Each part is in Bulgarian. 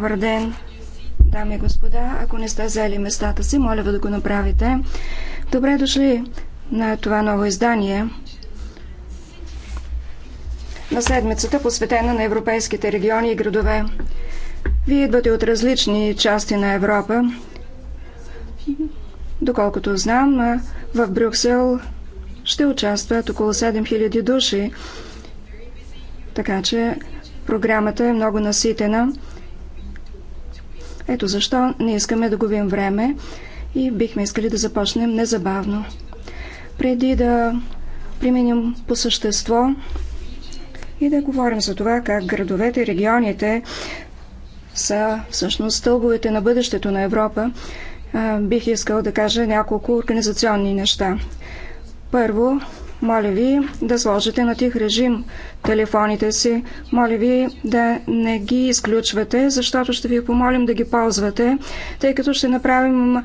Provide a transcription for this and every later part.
Добър ден, дами и господа. Ако не сте взели местата си, моля ви да го направите. Добре дошли на това ново издание на седмицата, посветена на европейските региони и градове. Вие идвате от различни части на Европа. Доколкото знам, в Брюксел ще участват около 7000 души. Така че програмата е много наситена. Ето защо не искаме да губим време и бихме искали да започнем незабавно. Преди да преминем по същество и да говорим за това как градовете и регионите са всъщност стълбовете на бъдещето на Европа, бих искал да кажа няколко организационни неща. Първо, моля ви да сложите на тих режим телефоните си. Моля ви да не ги изключвате, защото ще ви помолим да ги ползвате, тъй като ще направим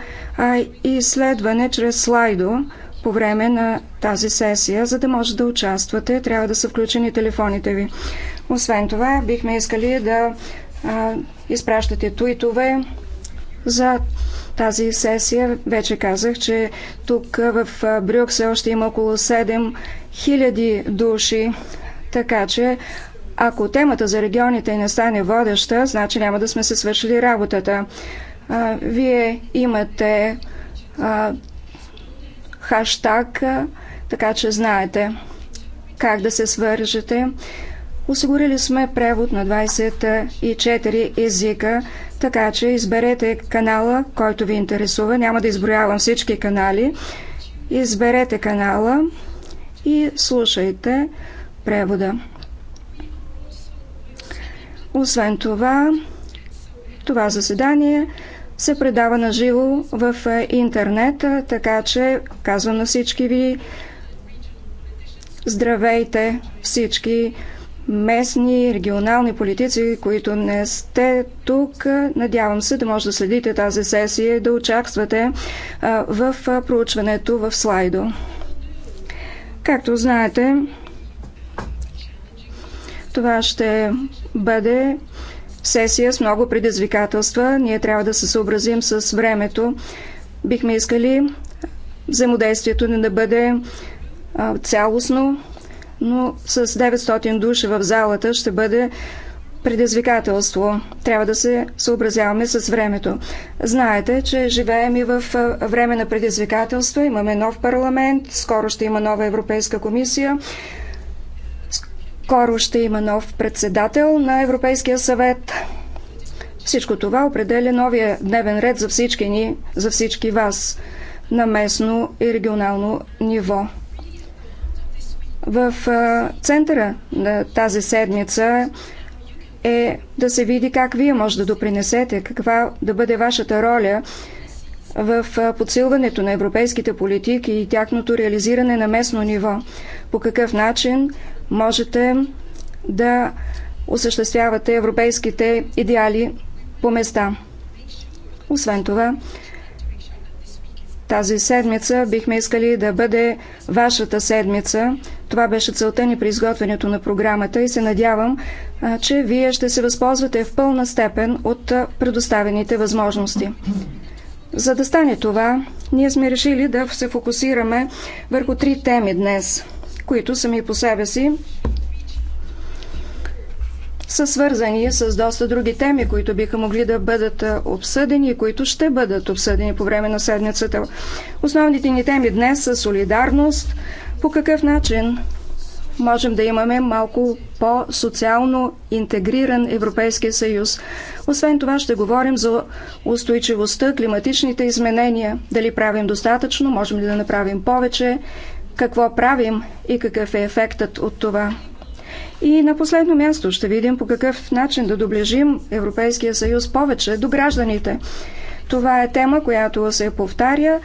изследване чрез слайдо по време на тази сесия, за да може да участвате. Трябва да са включени телефоните ви. Освен това, бихме искали да изпращате туитове за тази сесия. Вече казах, че тук в Брюксел ще има около 7000 души, така че ако темата за регионите не стане водеща, значи няма да сме се свършили работата. А, вие имате а, хаштаг, така че знаете как да се свържете. Осигурили сме превод на 24 езика, така че изберете канала, който ви интересува. Няма да изброявам всички канали. Изберете канала и слушайте превода. Освен това, това заседание се предава на живо в интернет, така че казвам на всички ви здравейте всички местни, регионални политици, които не сте тук. Надявам се да може да следите тази сесия и да участвате в проучването в слайдо. Както знаете, това ще бъде сесия с много предизвикателства. Ние трябва да се съобразим с времето. Бихме искали взаимодействието ни да бъде цялостно, но с 900 души в залата ще бъде предизвикателство. Трябва да се съобразяваме с времето. Знаете, че живеем и в време на предизвикателства. Имаме нов парламент, скоро ще има нова Европейска комисия, скоро ще има нов председател на Европейския съвет. Всичко това определя новия дневен ред за всички ни, за всички вас на местно и регионално ниво. В центъра на тази седмица е да се види как вие може да допринесете, каква да бъде вашата роля в подсилването на европейските политики и тяхното реализиране на местно ниво. По какъв начин можете да осъществявате европейските идеали по места. Освен това, тази седмица бихме искали да бъде вашата седмица. Това беше целта ни при изготвянето на програмата и се надявам, че вие ще се възползвате в пълна степен от предоставените възможности. За да стане това, ние сме решили да се фокусираме върху три теми днес, които сами по себе си са свързани с доста други теми, които биха могли да бъдат обсъдени и които ще бъдат обсъдени по време на седмицата. Основните ни теми днес са солидарност, по какъв начин можем да имаме малко по-социално интегриран Европейския съюз. Освен това ще говорим за устойчивостта, климатичните изменения, дали правим достатъчно, можем ли да направим повече, какво правим и какъв е ефектът от това. И на последно място ще видим по какъв начин да доближим Европейския съюз повече до гражданите. Това е тема, която се повтаря.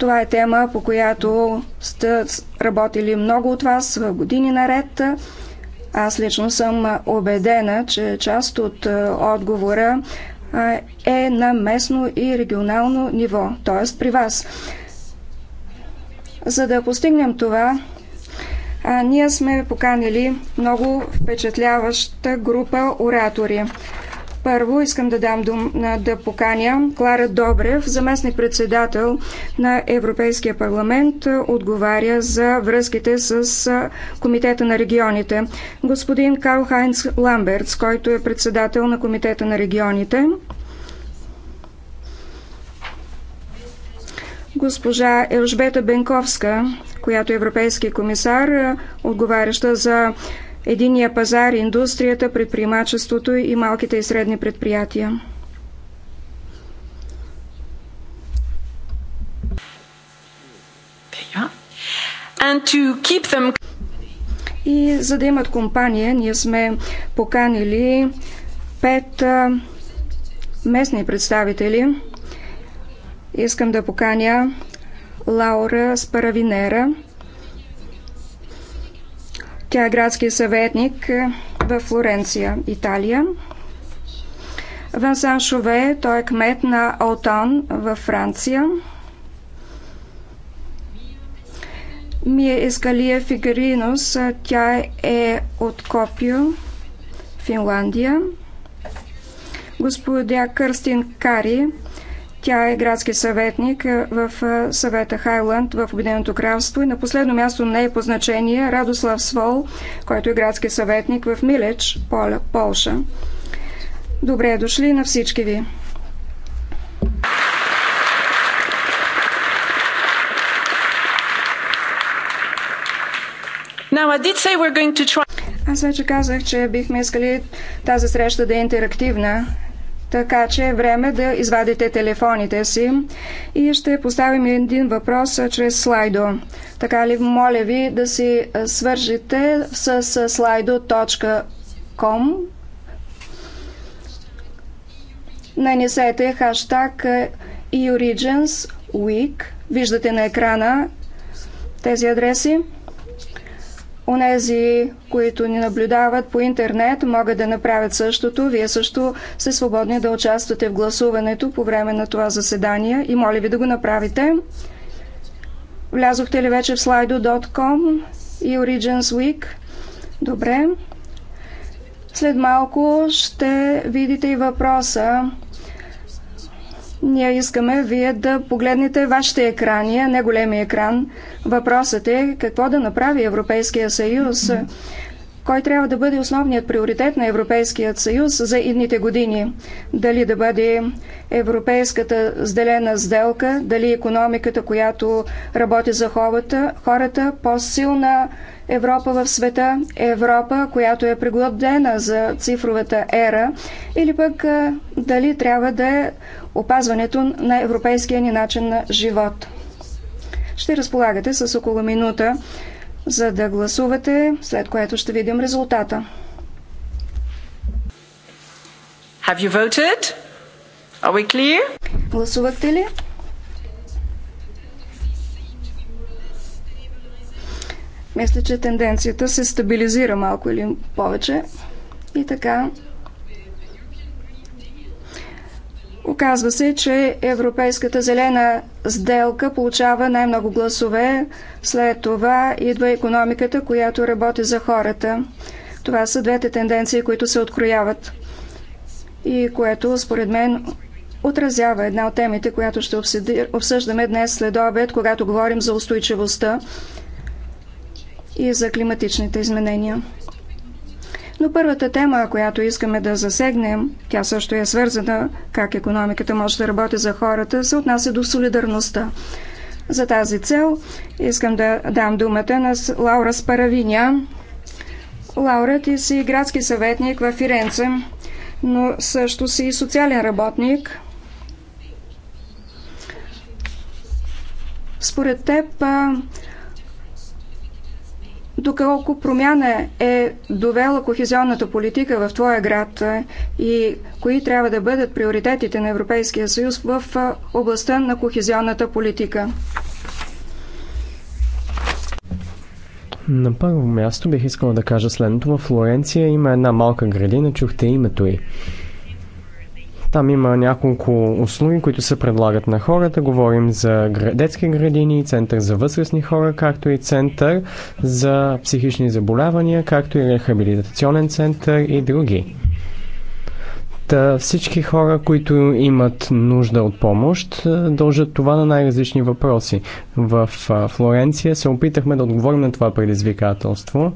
Това е тема, по която сте работили много от вас в години наред. Аз лично съм убедена, че част от е, отговора е, е на местно и регионално ниво, т.е. при вас. За да постигнем това, а, ние сме поканили много впечатляваща група оратори. Първо искам да дам дум, да поканя Клара Добрев, заместник-председател на Европейския парламент, отговаря за връзките с Комитета на регионите. Господин Карл Хайнц Ламбертс, който е председател на Комитета на регионите. Госпожа Елжбета Бенковска, която е европейски комисар, е, отговаряща за единия пазар, индустрията, предприемачеството и малките и средни предприятия. Them... И за да имат компания, ние сме поканили пет е, местни представители. Искам да поканя Лаура Спаравинера. Тя е градски съветник в Флоренция, Италия. Вансан Шове, той е кмет на Отон във Франция. Мия Ескалия Фигаринос, тя е от Копио, Финландия. Господя Кърстин Кари, тя е градски съветник е, в е, съвета Хайланд в Обединеното кралство и на последно място не е по значение Радослав Свол, който е градски съветник в Милеч, Поля, Полша. Добре дошли на всички ви! Now, I did say we're going to try... Аз вече казах, че бихме искали тази среща да е интерактивна така че е време да извадите телефоните си и ще поставим един въпрос чрез слайдо. Така ли, моля ви да си свържете с slido.com Нанесете хаштаг EURegions Week. Виждате на екрана тези адреси. Онези, които ни наблюдават по интернет, могат да направят същото. Вие също сте свободни да участвате в гласуването по време на това заседание и моля ви да го направите. Влязохте ли вече в slido.com и Origins Week? Добре. След малко ще видите и въпроса ние искаме вие да погледнете вашите екрани, а не големия екран. Въпросът е какво да направи Европейския съюз, кой трябва да бъде основният приоритет на Европейският съюз за идните години. Дали да бъде европейската сделена сделка, дали економиката, която работи за хората по-силна Европа в света, Европа, която е приглъбдена за цифровата ера, или пък дали трябва да е опазването на европейския ни начин на живот. Ще разполагате с около минута, за да гласувате, след което ще видим резултата. Have you voted? Are we clear? Гласувахте ли? Мисля, че тенденцията се стабилизира малко или повече. И така. Оказва се, че Европейската зелена сделка получава най-много гласове. След това идва економиката, която работи за хората. Това са двете тенденции, които се открояват и което според мен отразява една от темите, която ще обсъждаме днес след обед, когато говорим за устойчивостта и за климатичните изменения. Но първата тема, която искаме да засегнем, тя също е свързана как економиката може да работи за хората, се отнася до солидарността. За тази цел искам да дам думата на Лаура Спаравиня. Лаура, ти си градски съветник в Фиренце, но също си и социален работник. Според теб, доколко промяна е довела кохезионната политика в твоя град и кои трябва да бъдат приоритетите на Европейския съюз в областта на кохезионната политика? На първо място бих искала да кажа следното. В Флоренция има една малка градина, чухте името й. Там има няколко услуги, които се предлагат на хората. Говорим за детски градини, център за възрастни хора, както и център за психични заболявания, както и рехабилитационен център и други. Та всички хора, които имат нужда от помощ, дължат това на най-различни въпроси. В Флоренция се опитахме да отговорим на това предизвикателство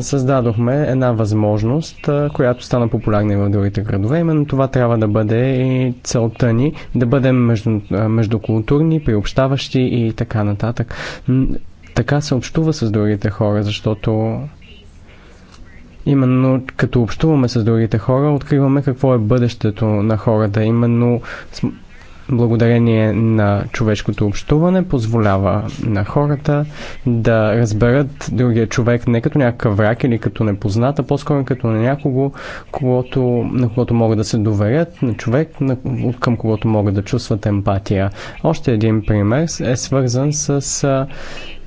създадохме една възможност, която стана популярна и в другите градове. Именно това трябва да бъде и целта ни, да бъдем между, междукултурни, приобщаващи и така нататък. Така се общува с другите хора, защото Именно като общуваме с другите хора, откриваме какво е бъдещето на хората. Именно благодарение на човешкото общуване позволява на хората да разберат другия човек не като някакъв враг или като непозната, по-скоро като на някого, когото, на когото могат да се доверят, на човек, на, към когото могат да чувстват емпатия. Още един пример е свързан с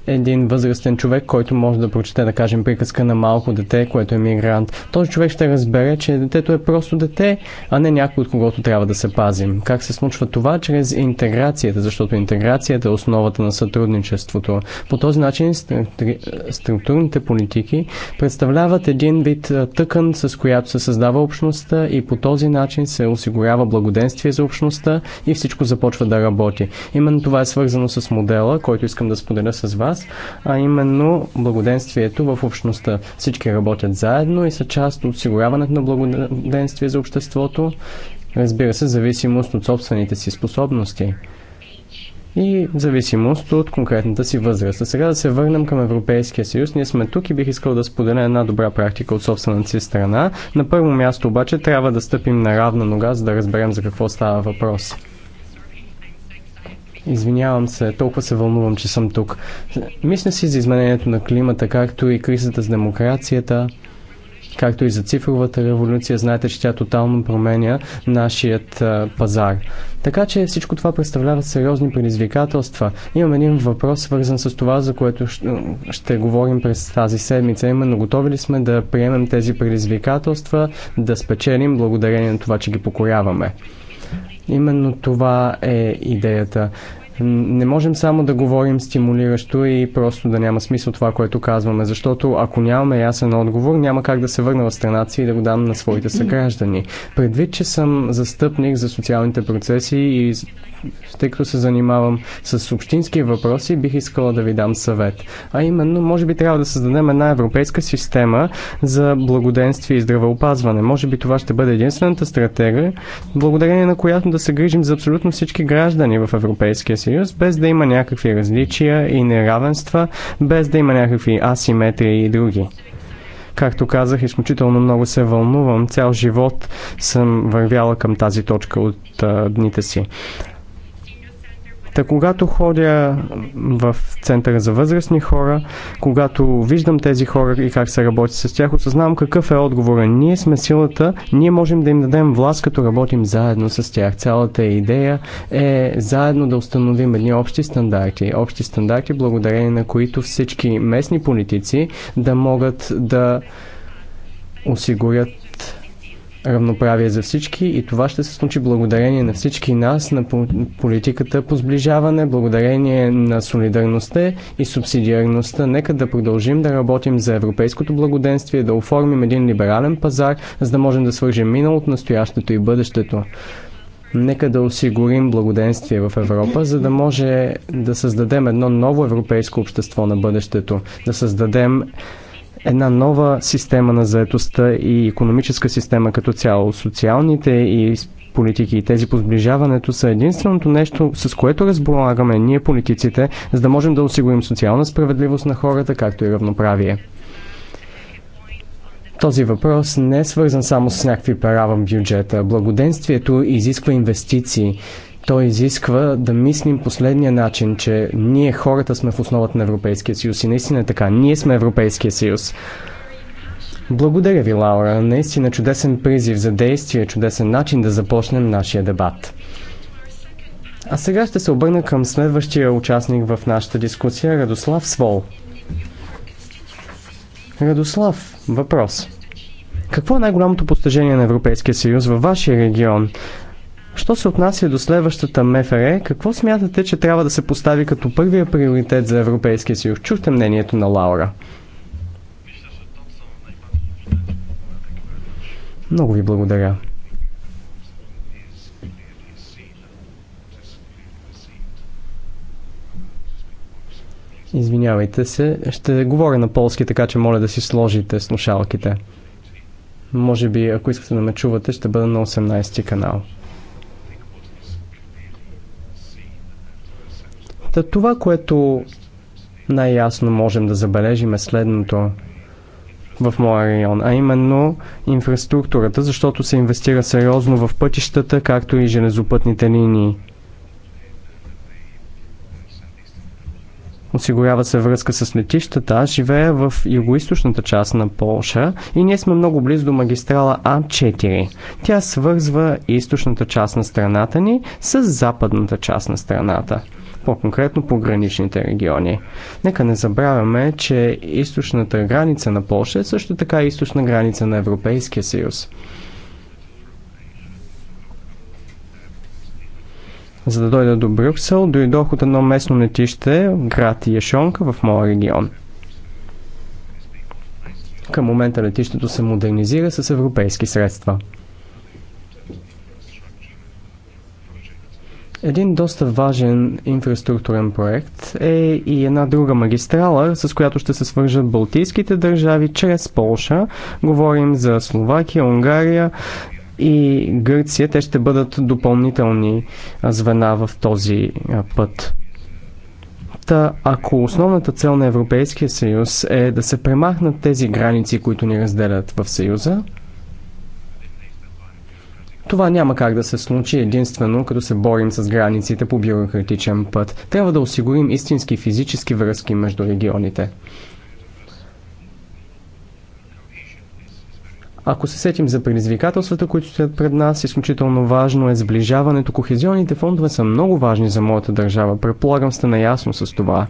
един възрастен човек, който може да прочете, да кажем, приказка на малко дете, което е мигрант. Този човек ще разбере, че детето е просто дете, а не някой, от когото трябва да се пазим. Как се случва това? Чрез интеграцията, защото интеграцията е основата на сътрудничеството. По този начин структурните политики представляват един вид тъкън, с която се създава общността и по този начин се осигурява благоденствие за общността и всичко започва да работи. Именно това е свързано с модела, който искам да споделя с вас нас, а именно благоденствието в общността. Всички работят заедно и са част от осигуряването на благоденствие за обществото, разбира се, зависимост от собствените си способности и зависимост от конкретната си възраст. А сега да се върнем към Европейския съюз. Ние сме тук и бих искал да споделя една добра практика от собствената си страна. На първо място обаче трябва да стъпим на равна нога, за да разберем за какво става въпрос. Извинявам се, толкова се вълнувам, че съм тук. Мисля си за изменението на климата, както и кризата с демокрацията, както и за цифровата революция. Знаете, че тя тотално променя нашият пазар. Така че всичко това представлява сериозни предизвикателства. Имам един въпрос, свързан с това, за което ще, ще говорим през тази седмица. Именно готови ли сме да приемем тези предизвикателства, да спечелим благодарение на това, че ги покоряваме? Именно това е идеята. Не можем само да говорим стимулиращо и просто да няма смисъл това, което казваме, защото ако нямаме ясен отговор, няма как да се върна в страната си и да го дам на своите съграждани. Предвид, че съм застъпник за социалните процеси и тъй като се занимавам с общински въпроси, бих искала да ви дам съвет. А именно, може би трябва да създадем една европейска система за благоденствие и здравеопазване. Може би това ще бъде единствената стратегия, благодарение на която да се грижим за абсолютно всички граждани в Европейския съюз, без да има някакви различия и неравенства, без да има някакви асиметрии и други както казах, изключително много се вълнувам. Цял живот съм вървяла към тази точка от а, дните си. Та когато ходя в центъра за възрастни хора, когато виждам тези хора и как се работи с тях, осъзнавам какъв е отговора. Ние сме силата, ние можем да им дадем власт, като работим заедно с тях. Цялата идея е заедно да установим едни общи стандарти. Общи стандарти, благодарение на които всички местни политици да могат да осигурят равноправие за всички и това ще се случи благодарение на всички нас, на политиката по сближаване, благодарение на солидарността и субсидиарността. Нека да продължим да работим за европейското благоденствие, да оформим един либерален пазар, за да можем да свържем миналото, настоящето и бъдещето. Нека да осигурим благоденствие в Европа, за да може да създадем едно ново европейско общество на бъдещето, да създадем една нова система на заетостта и економическа система като цяло. Социалните и политики и тези по сближаването са единственото нещо, с което разполагаме ние политиците, за да можем да осигурим социална справедливост на хората, както и равноправие. Този въпрос не е свързан само с някакви права в бюджета. Благоденствието изисква инвестиции. Той изисква да мислим последния начин, че ние хората сме в основата на Европейския съюз и наистина е така. Ние сме Европейския съюз. Благодаря ви, Лаура. Наистина чудесен призив за действие, чудесен начин да започнем нашия дебат. А сега ще се обърна към следващия участник в нашата дискусия, Радослав Свол. Радослав, въпрос. Какво е най-голямото постижение на Европейския съюз във вашия регион? Що се отнася до следващата МФР, какво смятате, че трябва да се постави като първия приоритет за Европейския съюз? Чухте мнението на Лаура. Много ви благодаря. Извинявайте се, ще говоря на полски, така че моля да си сложите слушалките. Може би, ако искате да ме чувате, ще бъда на 18 канал. Та това, което най-ясно можем да забележим е следното в моя район, а именно инфраструктурата, защото се инвестира сериозно в пътищата, както и железопътните линии. Осигурява се връзка с летищата. Аз живея в югоисточната част на Полша и ние сме много близо до магистрала А4. Тя свързва източната част на страната ни с западната част на страната по-конкретно по граничните региони. Нека не забравяме, че източната граница на Польша е също така и източна граница на Европейския съюз. За да дойда до Брюксел, дойдох от едно местно летище в град Яшонка в моя регион. Към момента летището се модернизира с европейски средства. Един доста важен инфраструктурен проект е и една друга магистрала, с която ще се свържат балтийските държави чрез Полша. Говорим за Словакия, Унгария и Гърция. Те ще бъдат допълнителни звена в този път. Та, ако основната цел на Европейския съюз е да се премахнат тези граници, които ни разделят в съюза, това няма как да се случи единствено, като се борим с границите по бюрократичен път. Трябва да осигурим истински физически връзки между регионите. Ако се сетим за предизвикателствата, които стоят пред нас, изключително важно е сближаването. Кохезионните фондове са много важни за моята държава. Предполагам сте наясно с това.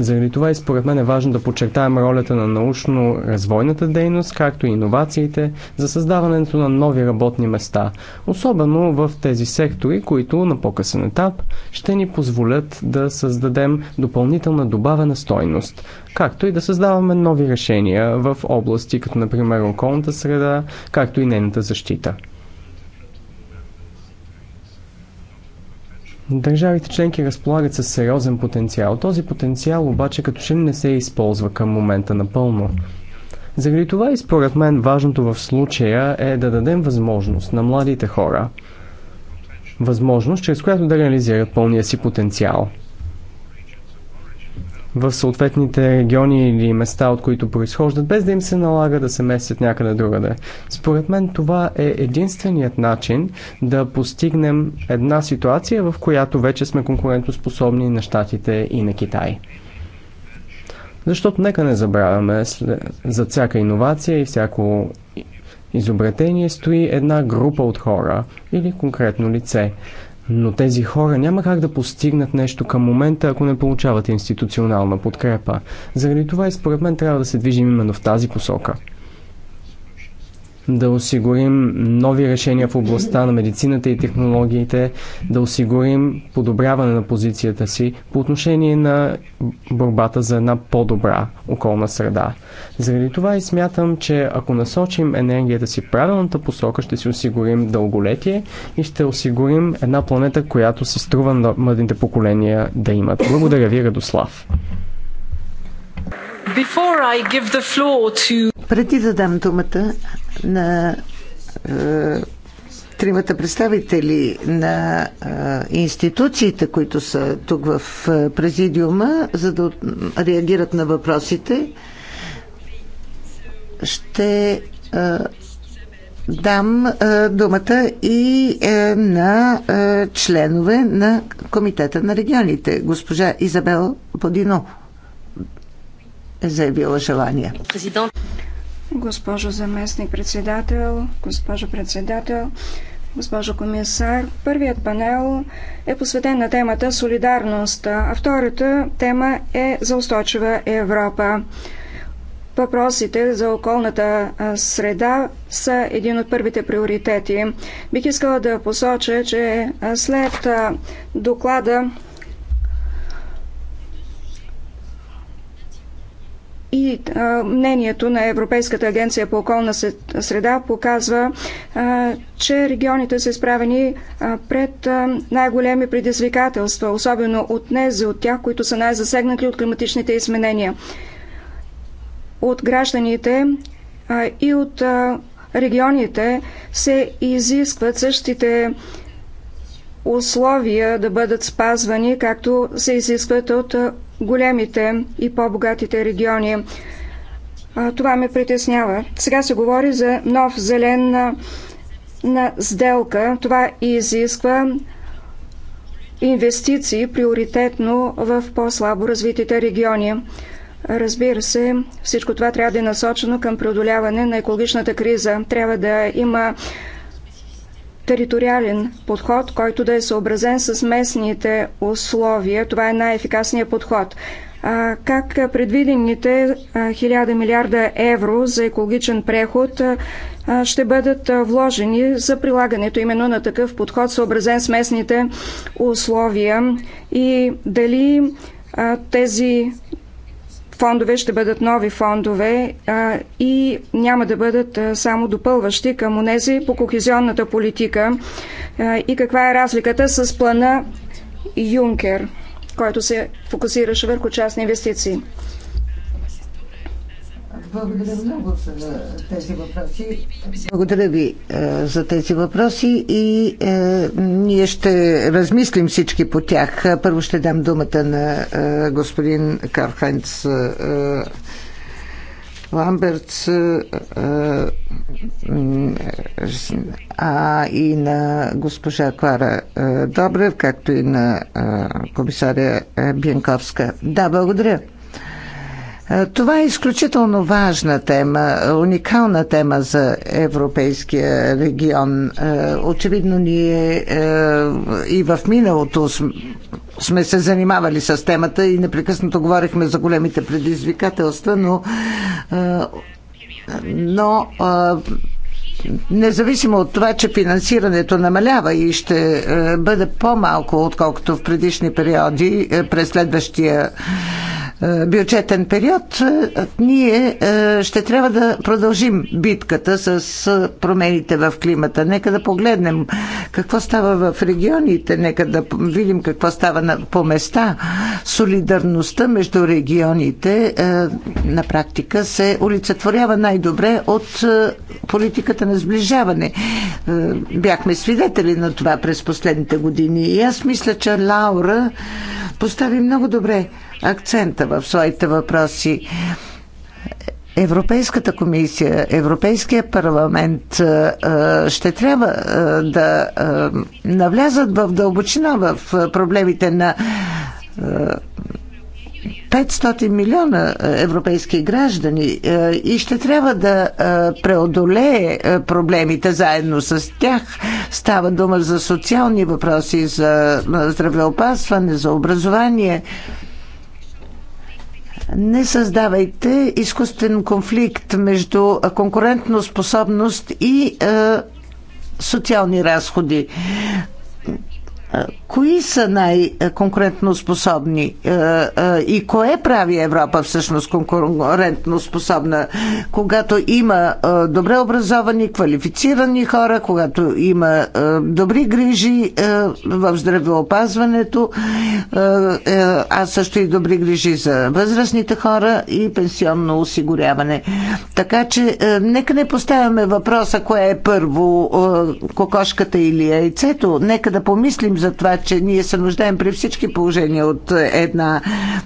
Заради това и според мен е важно да подчертаем ролята на научно-развойната дейност, както и иновациите за създаването на нови работни места, особено в тези сектори, които на по-късен етап ще ни позволят да създадем допълнителна добавена стойност, както и да създаваме нови решения в области, като например околната среда, както и нейната защита. Държавите членки разполагат с сериозен потенциал. Този потенциал обаче като че не се използва към момента напълно. Заради това и според мен важното в случая е да дадем възможност на младите хора. Възможност, чрез която да реализират пълния си потенциал – в съответните региони или места, от които произхождат, без да им се налага да се местят някъде другаде. Според мен това е единственият начин да постигнем една ситуация, в която вече сме конкурентоспособни на Штатите и на Китай. Защото нека не забравяме, за всяка иновация и всяко изобретение стои една група от хора или конкретно лице. Но тези хора няма как да постигнат нещо към момента, ако не получават институционална подкрепа. Заради това и според мен трябва да се движим именно в тази посока да осигурим нови решения в областта на медицината и технологиите, да осигурим подобряване на позицията си по отношение на борбата за една по-добра околна среда. Заради това и смятам, че ако насочим енергията си в правилната посока, ще си осигурим дълголетие и ще осигурим една планета, която се струва на младите поколения да имат. Благодаря ви, Радослав. To... Преди да дам думата на е, тримата представители на е, институциите, които са тук в е, президиума, за да реагират на въпросите, ще дам думата и на членове на Комитета на регионите. Госпожа Изабел Подино е заявила желание госпожо заместник-председател, госпожо председател, госпожо комисар. Първият панел е посветен на темата солидарност, а втората тема е за устойчива Европа. Въпросите за околната среда са един от първите приоритети. Бих искала да посоча, че след доклада И а, мнението на Европейската агенция по околна среда показва, а, че регионите са изправени а, пред а, най-големи предизвикателства, особено от нези от тях, които са най-засегнати от климатичните изменения. От гражданите а, и от а, регионите се изискват същите условия да бъдат спазвани, както се изискват от големите и по-богатите региони. Това ме притеснява. Сега се говори за нов зелен на, на сделка. Това изисква инвестиции приоритетно в по-слабо развитите региони. Разбира се, всичко това трябва да е насочено към преодоляване на екологичната криза. Трябва да има териториален подход, който да е съобразен с местните условия. Това е най-ефикасният подход. А, как предвидените 1000 милиарда евро за екологичен преход а, ще бъдат вложени за прилагането именно на такъв подход, съобразен с местните условия и дали а, тези фондове ще бъдат нови фондове а, и няма да бъдат а, само допълващи към онези по кохезионната политика а, и каква е разликата с плана Юнкер, който се фокусираше върху частни инвестиции. Благодаря много за е, тези въпроси. Благодаря ви е, за тези въпроси и е, ние ще размислим всички по тях. Първо ще дам думата на е, господин Кархайнц. Е, Ламбертс е, а и на госпожа Клара Добрев, както и на комисаря Бенковска. Да, благодаря. Това е изключително важна тема, уникална тема за европейския регион. Очевидно ние и в миналото сме се занимавали с темата и непрекъснато говорихме за големите предизвикателства, но, но независимо от това, че финансирането намалява и ще бъде по-малко, отколкото в предишни периоди през следващия е, бюджетен период, е, ние е, ще трябва да продължим битката с промените в климата. Нека да погледнем какво става в регионите, нека да видим какво става по места. Солидарността между регионите на практика се олицетворява най-добре от политиката на сближаване. Бяхме свидетели на това през последните години и аз мисля, че Лаура постави много добре акцента в своите въпроси. Европейската комисия, Европейския парламент е, е, ще трябва е, да навлязат в дълбочина в проблемите на 500 милиона европейски граждани и ще трябва да преодолее проблемите заедно с тях. Става дума за социални въпроси, за здравеопасване, за образование. Не създавайте изкуствен конфликт между конкурентно способност и е, социални разходи. Кои са най-конкурентно способни е, е, и кое прави Европа всъщност конкурентно способна, когато има е, добре образовани, квалифицирани хора, когато има добри грижи в здравеопазването, а също и добри грижи за възрастните хора и пенсионно осигуряване. Така че нека не поставяме въпроса кое е първо, кокошката или яйцето, нека да помислим за това, че ние се нуждаем при всички положения от една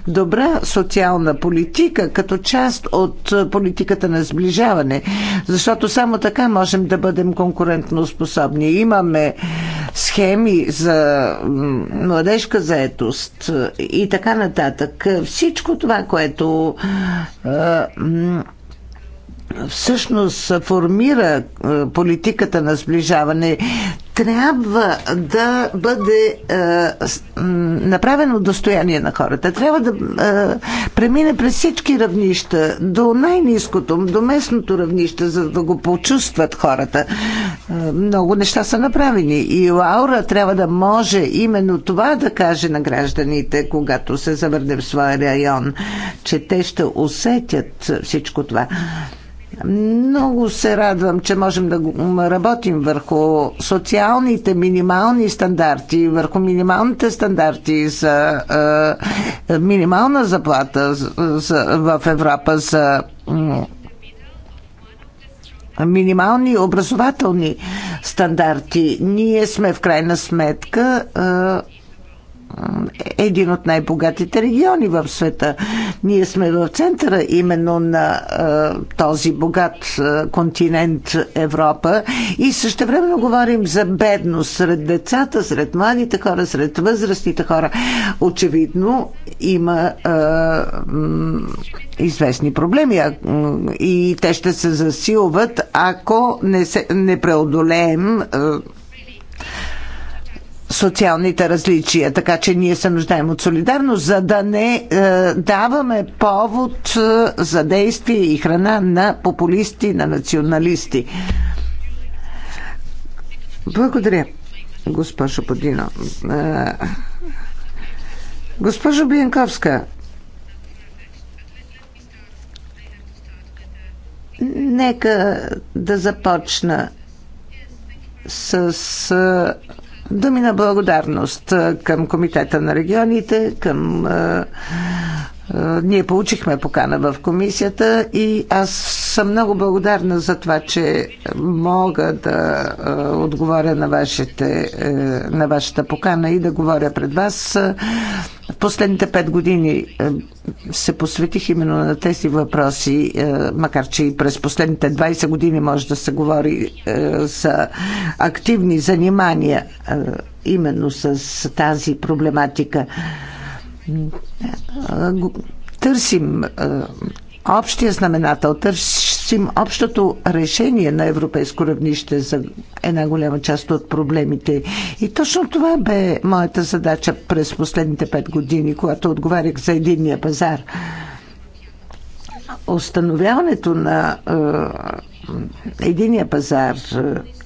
добра социална политика, като част от политиката на сближаване. Защото само така можем да бъдем конкурентно способни. Имаме схеми за младежка заетост и така нататък. Всичко това, което всъщност формира е, политиката на сближаване, трябва да бъде е, направено достояние на хората. Трябва да е, премине през всички равнища, до най-низкото, до местното равнище, за да го почувстват хората. Е, много неща са направени. И Лаура трябва да може именно това да каже на гражданите, когато се завърне в своя район, че те ще усетят всичко това. Много се радвам, че можем да работим върху социалните минимални стандарти, върху минималните стандарти за е, минимална заплата за, в Европа, за минимални образователни стандарти. Ние сме в крайна сметка. Е, един от най-богатите региони в света. Ние сме в центъра именно на е, този богат е, континент Европа и също времено говорим за бедност сред децата, сред младите хора, сред възрастните хора. Очевидно има е, известни проблеми и те ще се засилват, ако не, се, не преодолеем социалните различия, така че ние се нуждаем от солидарност, за да не е, даваме повод е, за действие и храна на популисти, на националисти. Благодаря, госпожо Подино. Е, госпожо Биенковска, нека да започна с е, Думи на благодарност към Комитета на регионите, към ние получихме покана в комисията и аз съм много благодарна за това, че мога да отговоря на, вашите, е, на вашата покана и да говоря пред вас. В последните пет години е, се посветих именно на тези въпроси, е, макар че и през последните 20 години може да се говори за активни занимания именно с тази проблематика търсим общия знаменател, търсим общото решение на европейско равнище за една голяма част от проблемите. И точно това бе моята задача през последните пет години, когато отговарях за единния пазар. Остановяването на единия пазар,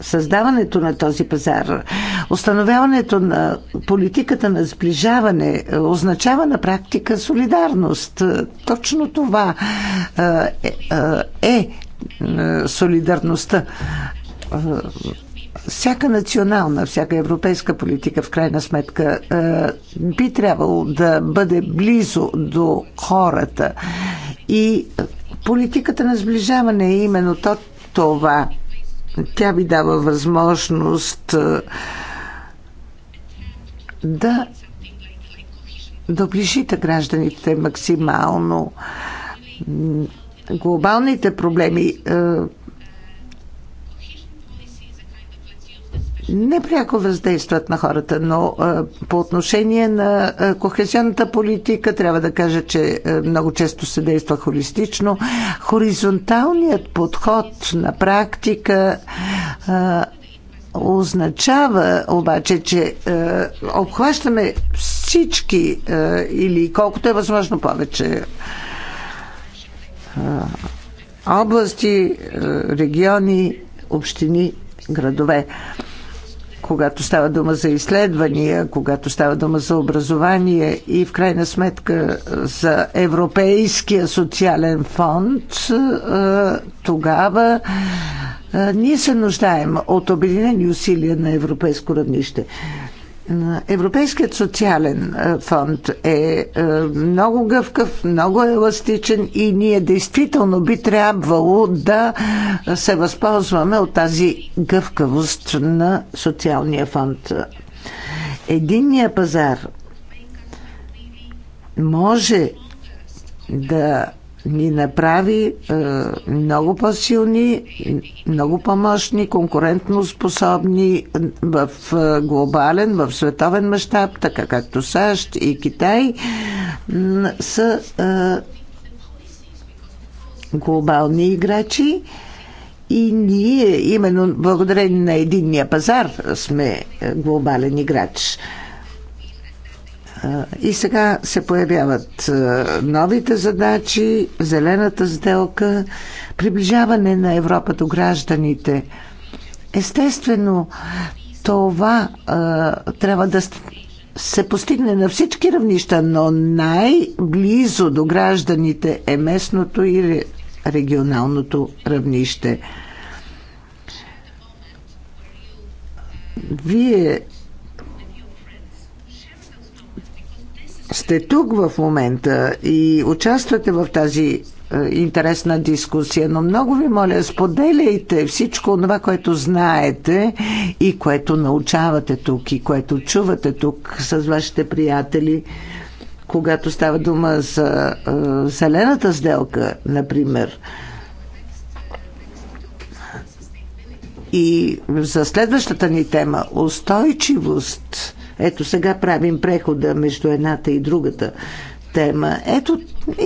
създаването на този пазар, установяването на политиката на сближаване означава на практика солидарност. Точно това е, е солидарността. Всяка национална, всяка европейска политика, в крайна сметка, би трябвало да бъде близо до хората и Политиката на сближаване е именно то, това. Тя ви дава възможност да доближите гражданите максимално. Глобалните проблеми непряко въздействат на хората, но по отношение на кохезионната политика трябва да кажа, че много често се действа холистично. Хоризонталният подход на практика означава обаче, че е, обхващаме всички е, или колкото е възможно повече е, области, е, региони, общини, градове. Е, когато става дума за изследвания, когато става дума за образование и в крайна сметка за Европейския социален фонд, е, тогава е, ние се нуждаем от обединени усилия на европейско равнище. Европейският социален е, фонд е, е много гъвкав, много еластичен и ние действително би трябвало да се възползваме от тази гъвкавост на социалния фонд. Единния пазар може да ни направи е, много по-силни, много по-мощни, конкурентно способни в е, глобален, в световен мащаб, така както САЩ и Китай са е, глобални играчи. И ние, именно благодарение на единния пазар, сме е, глобален играч. Е, и сега се появяват новите задачи, зелената сделка, приближаване на Европа до гражданите. Естествено, това а, трябва да се постигне на всички равнища, но най-близо до гражданите е местното и регионалното равнище. Вие сте тук в момента и участвате в тази е, интересна дискусия, но много ви моля, споделяйте всичко това, което знаете и което научавате тук и което чувате тук с вашите приятели, когато става дума за е, зелената сделка, например. И за следващата ни тема устойчивост – ето сега правим прехода между едната и другата тема. Ето,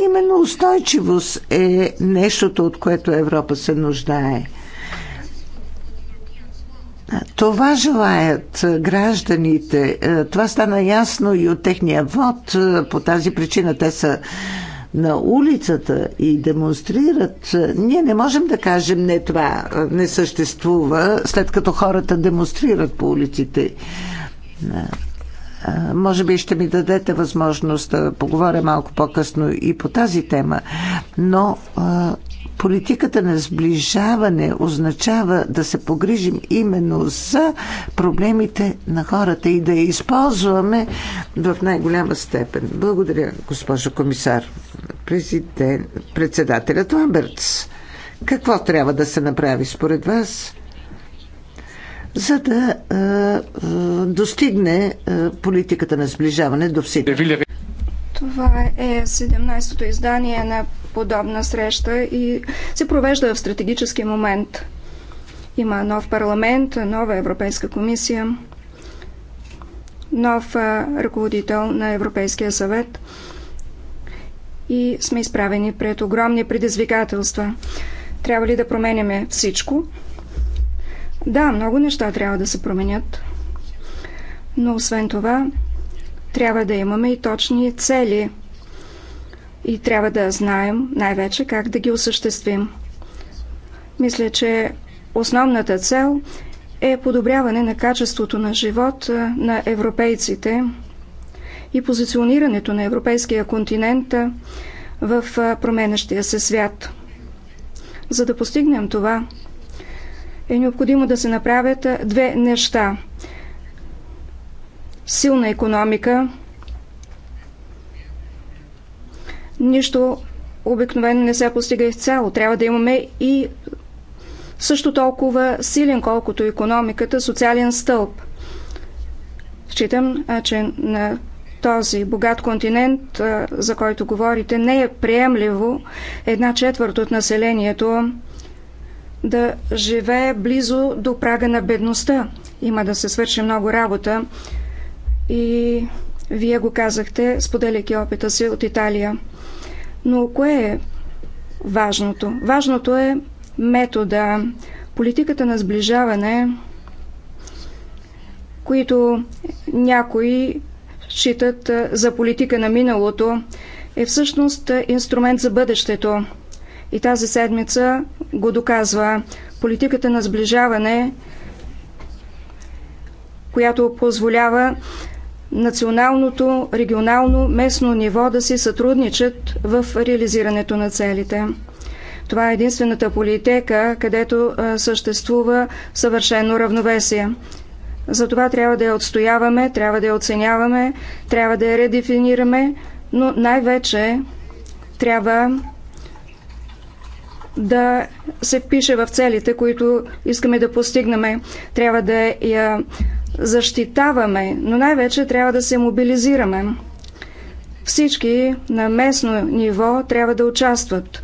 именно устойчивост е нещото, от което Европа се нуждае. Това желаят гражданите. Това стана ясно и от техния вод. По тази причина те са на улицата и демонстрират. Ние не можем да кажем не това не съществува, след като хората демонстрират по улиците може би ще ми дадете възможност да поговоря малко по-късно и по тази тема, но политиката на сближаване означава да се погрижим именно за проблемите на хората и да я използваме в най-голяма степен. Благодаря, госпожо комисар. Президент, председателят Ламбертс, какво трябва да се направи според вас? за да е, е, достигне е, политиката на сближаване до всички. Това е 17-то издание на подобна среща и се провежда в стратегически момент. Има нов парламент, нова Европейска комисия, нов ръководител на Европейския съвет и сме изправени пред огромни предизвикателства. Трябва ли да променяме всичко? Да, много неща трябва да се променят. Но освен това, трябва да имаме и точни цели. И трябва да знаем най-вече как да ги осъществим. Мисля, че основната цел е подобряване на качеството на живот на европейците и позиционирането на европейския континент в променещия се свят. За да постигнем това, е необходимо да се направят две неща. Силна економика. Нищо обикновено не се постига изцяло. Трябва да имаме и също толкова силен, колкото економиката, социален стълб. Считам, че на този богат континент, за който говорите, не е приемливо една четвърт от населението да живее близо до прага на бедността. Има да се свърши много работа и вие го казахте, споделяйки опита си от Италия. Но кое е важното? Важното е метода, политиката на сближаване, които някои считат за политика на миналото, е всъщност инструмент за бъдещето. И тази седмица го доказва. Политиката на сближаване, която позволява националното, регионално, местно ниво да си сътрудничат в реализирането на целите. Това е единствената политика, където съществува съвършено равновесие. Затова трябва да я отстояваме, трябва да я оценяваме, трябва да я редефинираме, но най-вече трябва да се впише в целите, които искаме да постигнем. Трябва да я защитаваме, но най-вече трябва да се мобилизираме. Всички на местно ниво трябва да участват.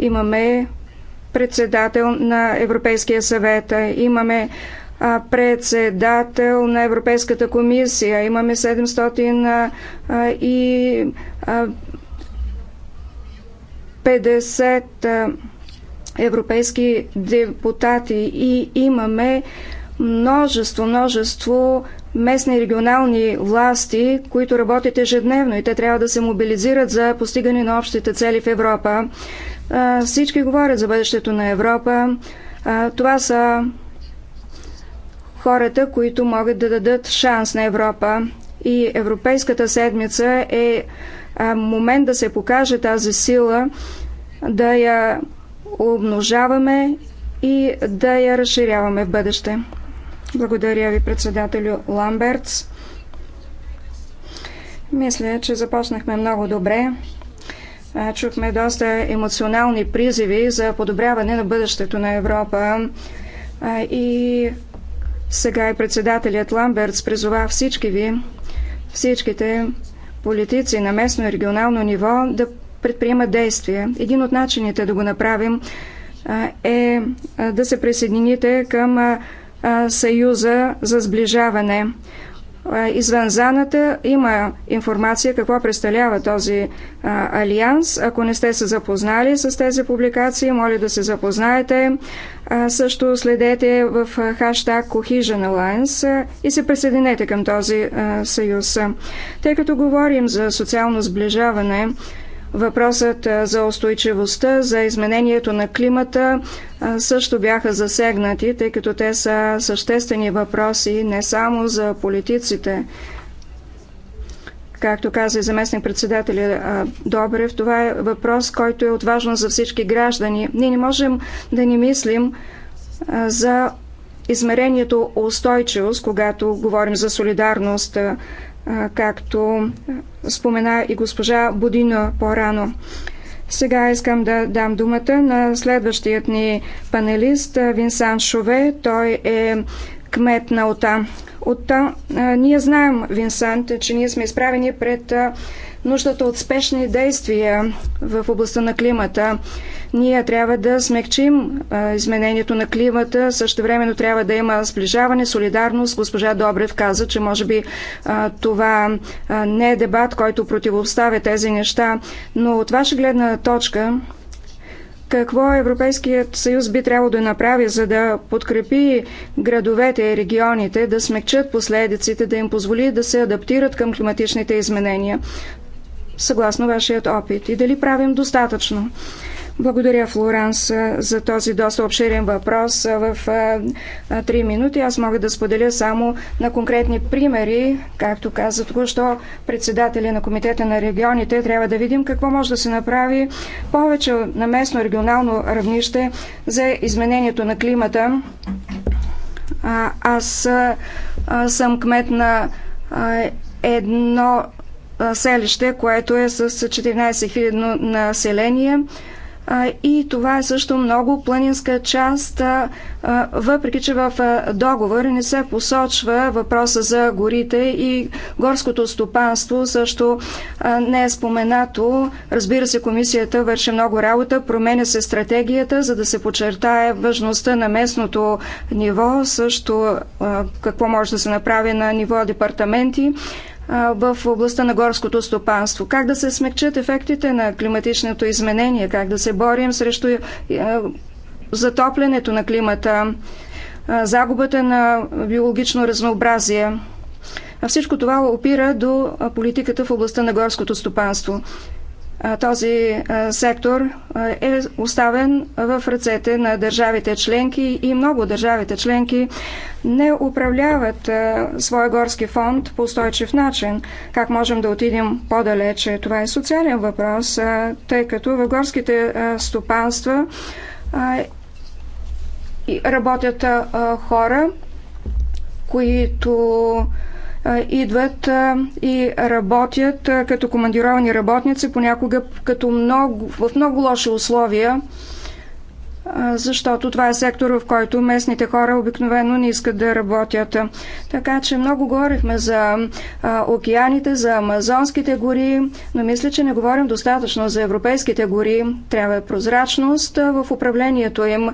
Имаме председател на Европейския съвет, имаме председател на Европейската комисия, имаме 700 и 50 европейски депутати и имаме множество, множество местни и регионални власти, които работят ежедневно и те трябва да се мобилизират за постигане на общите цели в Европа. Всички говорят за бъдещето на Европа. Това са хората, които могат да дадат шанс на Европа. И Европейската седмица е момент да се покаже тази сила, да я умножаваме и да я разширяваме в бъдеще. Благодаря ви, председателю Ламбертс. Мисля, че започнахме много добре. Чухме доста емоционални призиви за подобряване на бъдещето на Европа. И сега и председателят Ламбертс призова всички ви, всичките политици на местно и регионално ниво да предприемат действия. Един от начините да го направим е да се присъедините към Съюза за сближаване извън заната има информация какво представлява този а, алианс. Ако не сте се запознали с тези публикации, моля да се запознаете. А, също следете в хаштаг Cohesion Alliance и се присъединете към този а, съюз. Тъй като говорим за социално сближаване, Въпросът за устойчивостта, за изменението на климата също бяха засегнати, тъй като те са съществени въпроси не само за политиците. Както каза и заместник председателя Добрев, това е въпрос, който е отважен за всички граждани. Ние не можем да ни мислим за измерението устойчивост, когато говорим за солидарност както спомена и госпожа Будина по-рано. Сега искам да дам думата на следващият ни панелист Винсан Шове. Той е кмет на Ота. Ота, ние знаем, Винсант, че ние сме изправени пред нуждата от спешни действия в областта на климата. Ние трябва да смекчим изменението на климата, също времено трябва да има сближаване, солидарност. Госпожа Добрев каза, че може би това не е дебат, който противоставя тези неща, но от ваша гледна точка какво Европейският съюз би трябвало да направи, за да подкрепи градовете и регионите, да смекчат последиците, да им позволи да се адаптират към климатичните изменения съгласно вашият опит и дали правим достатъчно. Благодаря, Флоранс, за този доста обширен въпрос. В три минути аз мога да споделя само на конкретни примери, както каза току-що председателя на Комитета на регионите. Трябва да видим какво може да се направи повече на местно регионално равнище за изменението на климата. Аз съм кмет на едно селище, което е с 14 000 население. И това е също много планинска част, въпреки че в договор не се посочва въпроса за горите и горското стопанство също не е споменато. Разбира се, комисията върши много работа, променя се стратегията, за да се подчертае важността на местното ниво, също какво може да се направи на ниво департаменти в областта на горското стопанство. Как да се смекчат ефектите на климатичното изменение, как да се борим срещу затоплянето на климата, загубата на биологично разнообразие. Всичко това опира до политиката в областта на горското стопанство този сектор е оставен в ръцете на държавите членки и много държавите членки не управляват своя горски фонд по устойчив начин. Как можем да отидем по-далече? Това е социален въпрос, тъй като в горските стопанства работят хора, които идват и работят като командировани работници, понякога като много, в много лоши условия, защото това е сектор, в който местните хора обикновено не искат да работят. Така че много говорихме за океаните, за амазонските гори, но мисля, че не говорим достатъчно за европейските гори. Трябва е прозрачност в управлението им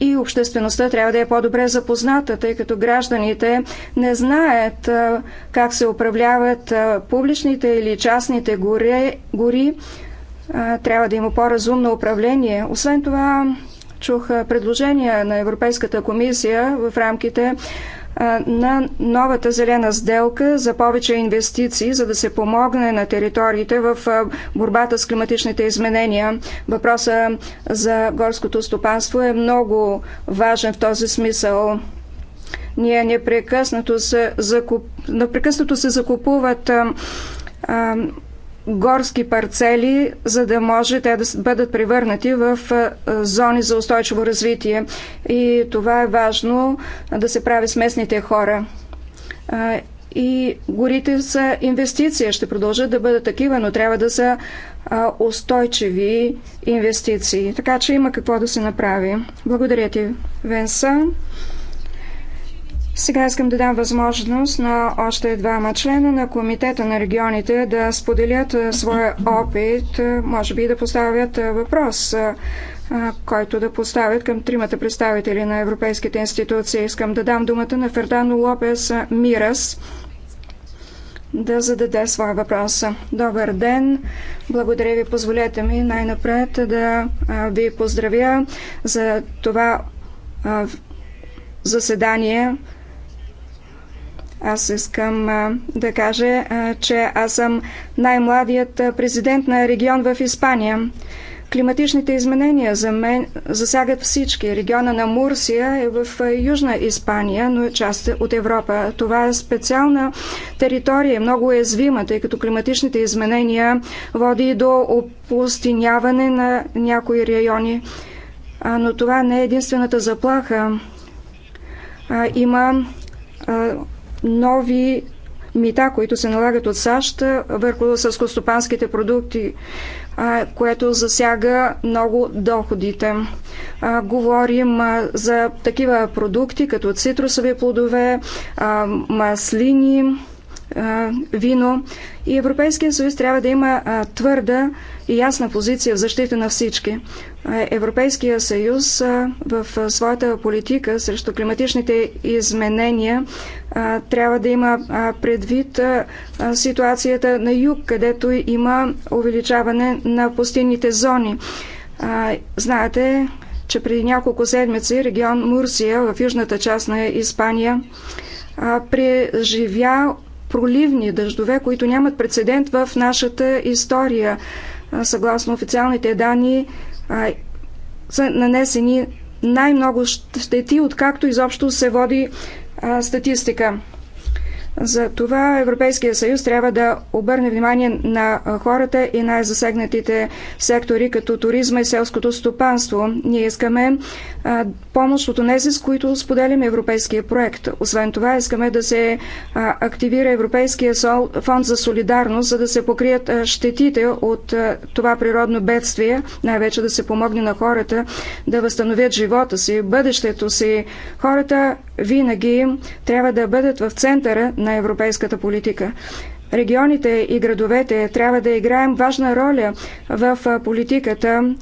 и обществеността трябва да е по-добре запозната, тъй като гражданите не знаят как се управляват публичните или частните гори, гори. Трябва да има по-разумно управление. Освен това, чух предложения на Европейската комисия в рамките на новата зелена сделка за повече инвестиции, за да се помогне на териториите в борбата с климатичните изменения. Въпроса за горското стопанство е много важен в този смисъл. Ние непрекъснато се, закуп... се закупуват а, а, горски парцели, за да може те да бъдат превърнати в зони за устойчиво развитие. И това е важно да се прави с местните хора. И горите са инвестиция, ще продължат да бъдат такива, но трябва да са устойчиви инвестиции. Така че има какво да се направи. Благодаря ти, Венса. Сега искам да дам възможност на още двама члена на Комитета на регионите да споделят своя опит, може би да поставят въпрос, който да поставят към тримата представители на европейските институции. Искам да дам думата на Фердано Лопес Мирас да зададе своя въпрос. Добър ден! Благодаря ви. Позволете ми най-напред да ви поздравя за това заседание, аз искам да кажа, че аз съм най-младият президент на регион в Испания. Климатичните изменения за мен засягат всички. Региона на Мурсия е в Южна Испания, но е част от Европа. Това е специална територия, много уязвима, тъй като климатичните изменения води до опустиняване на някои райони. Но това не е единствената заплаха. Има нови мита, които се налагат от САЩ върху съскостопанските продукти, което засяга много доходите. Говорим за такива продукти, като цитрусови плодове, маслини, вино. И Европейския съюз трябва да има твърда и ясна позиция в защита на всички. Е, Европейския съюз в своята политика срещу климатичните изменения трябва да има предвид ситуацията на юг, където има увеличаване на пустинните зони. Знаете, че преди няколко седмици регион Мурсия в южната част на Испания преживя проливни дъждове, които нямат прецедент в нашата история съгласно официалните данни, са нанесени най-много щети, откакто изобщо се води статистика. За това Европейския съюз трябва да обърне внимание на хората и най-засегнатите сектори, като туризма и селското стопанство. Ние искаме помощ от тези, с които споделяме европейския проект. Освен това, искаме да се активира Европейския фонд за солидарност, за да се покрият щетите от това природно бедствие, най-вече да се помогне на хората да възстановят живота си, бъдещето си. Хората винаги трябва да бъдат в центъра на европейската политика. Регионите и градовете трябва да играем важна роля в политиката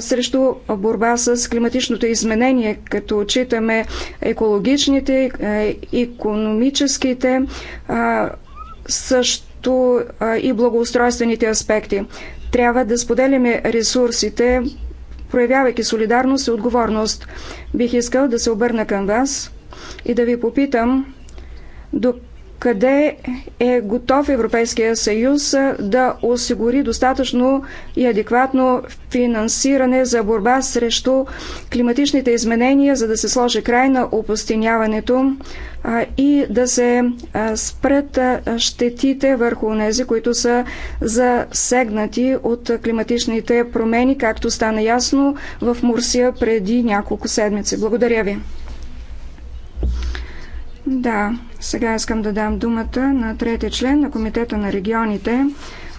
срещу борба с климатичното изменение, като отчитаме екологичните, економическите, също и благоустройствените аспекти. Трябва да споделяме ресурсите, проявявайки солидарност и отговорност. Бих искал да се обърна към вас и да ви попитам до къде е готов Европейския съюз да осигури достатъчно и адекватно финансиране за борба срещу климатичните изменения, за да се сложи край на опустиняването и да се спрат щетите върху тези, които са засегнати от климатичните промени, както стана ясно в Мурсия преди няколко седмици. Благодаря ви. Да, сега искам да дам думата на третия член на Комитета на регионите,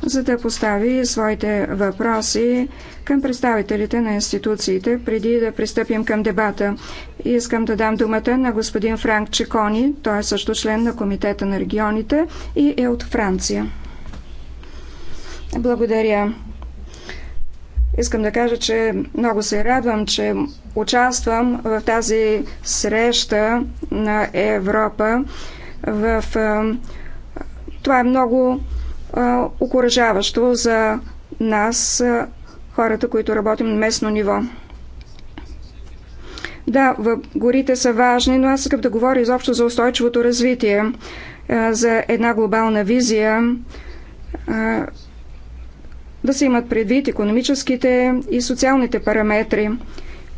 за да постави своите въпроси към представителите на институциите, преди да пристъпим към дебата. И искам да дам думата на господин Франк Чекони, той е също член на Комитета на регионите и е от Франция. Благодаря. Искам да кажа, че много се радвам, че участвам в тази среща на Европа. В, това е много укоръжаващо за нас, хората, които работим на местно ниво. Да, в горите са важни, но аз искам да говоря изобщо за устойчивото развитие, за една глобална визия да се имат предвид економическите и социалните параметри,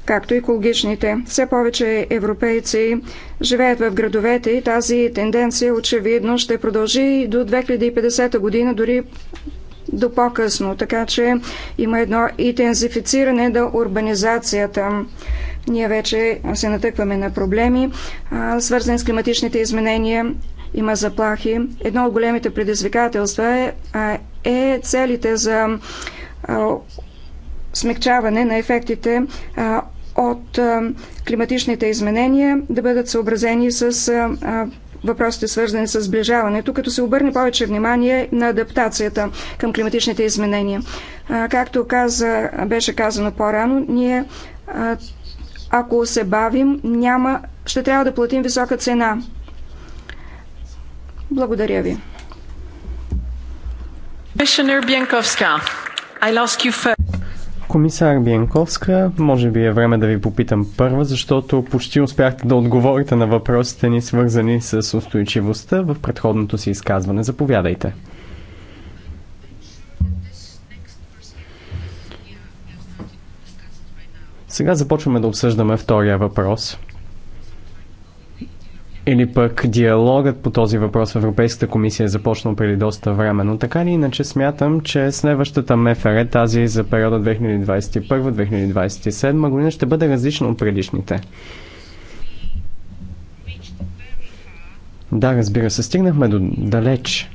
както и екологичните. Все повече европейци живеят в градовете и тази тенденция очевидно ще продължи и до 2050 година, дори до по-късно. Така че има едно интензифициране на урбанизацията. Ние вече се натъкваме на проблеми, свързани с климатичните изменения има заплахи. Едно от големите предизвикателства е, е целите за смягчаване на ефектите от климатичните изменения да бъдат съобразени с въпросите свързани с сближаването, като се обърне повече внимание на адаптацията към климатичните изменения. Както каза, беше казано по-рано, ние ако се бавим, няма, ще трябва да платим висока цена. Благодаря ви. Комисар Бянковска, може би е време да ви попитам първа, защото почти успяхте да отговорите на въпросите ни, свързани с устойчивостта в предходното си изказване. Заповядайте. Сега започваме да обсъждаме втория въпрос – или пък диалогът по този въпрос в Европейската комисия е започнал преди доста време. Но така ли иначе смятам, че следващата МФР, тази за периода 2021-2027 година, ще бъде различна от предишните. Да, разбира се, стигнахме до далеч.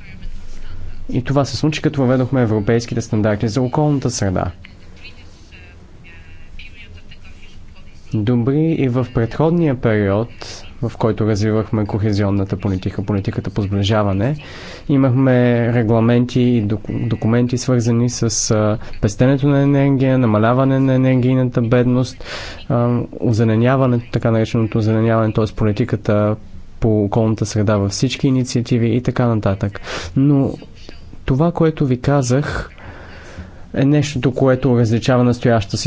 И това се случи, като въведохме европейските стандарти за околната среда. Добри и в предходния период в който развивахме кохезионната политика, политиката по сближаване. Имахме регламенти и документи свързани с пестенето на енергия, намаляване на енергийната бедност, озеленяването, така нареченото озеленяване, т.е. политиката по околната среда във всички инициативи и така нататък. Но това, което ви казах, е нещото, което различава настоящата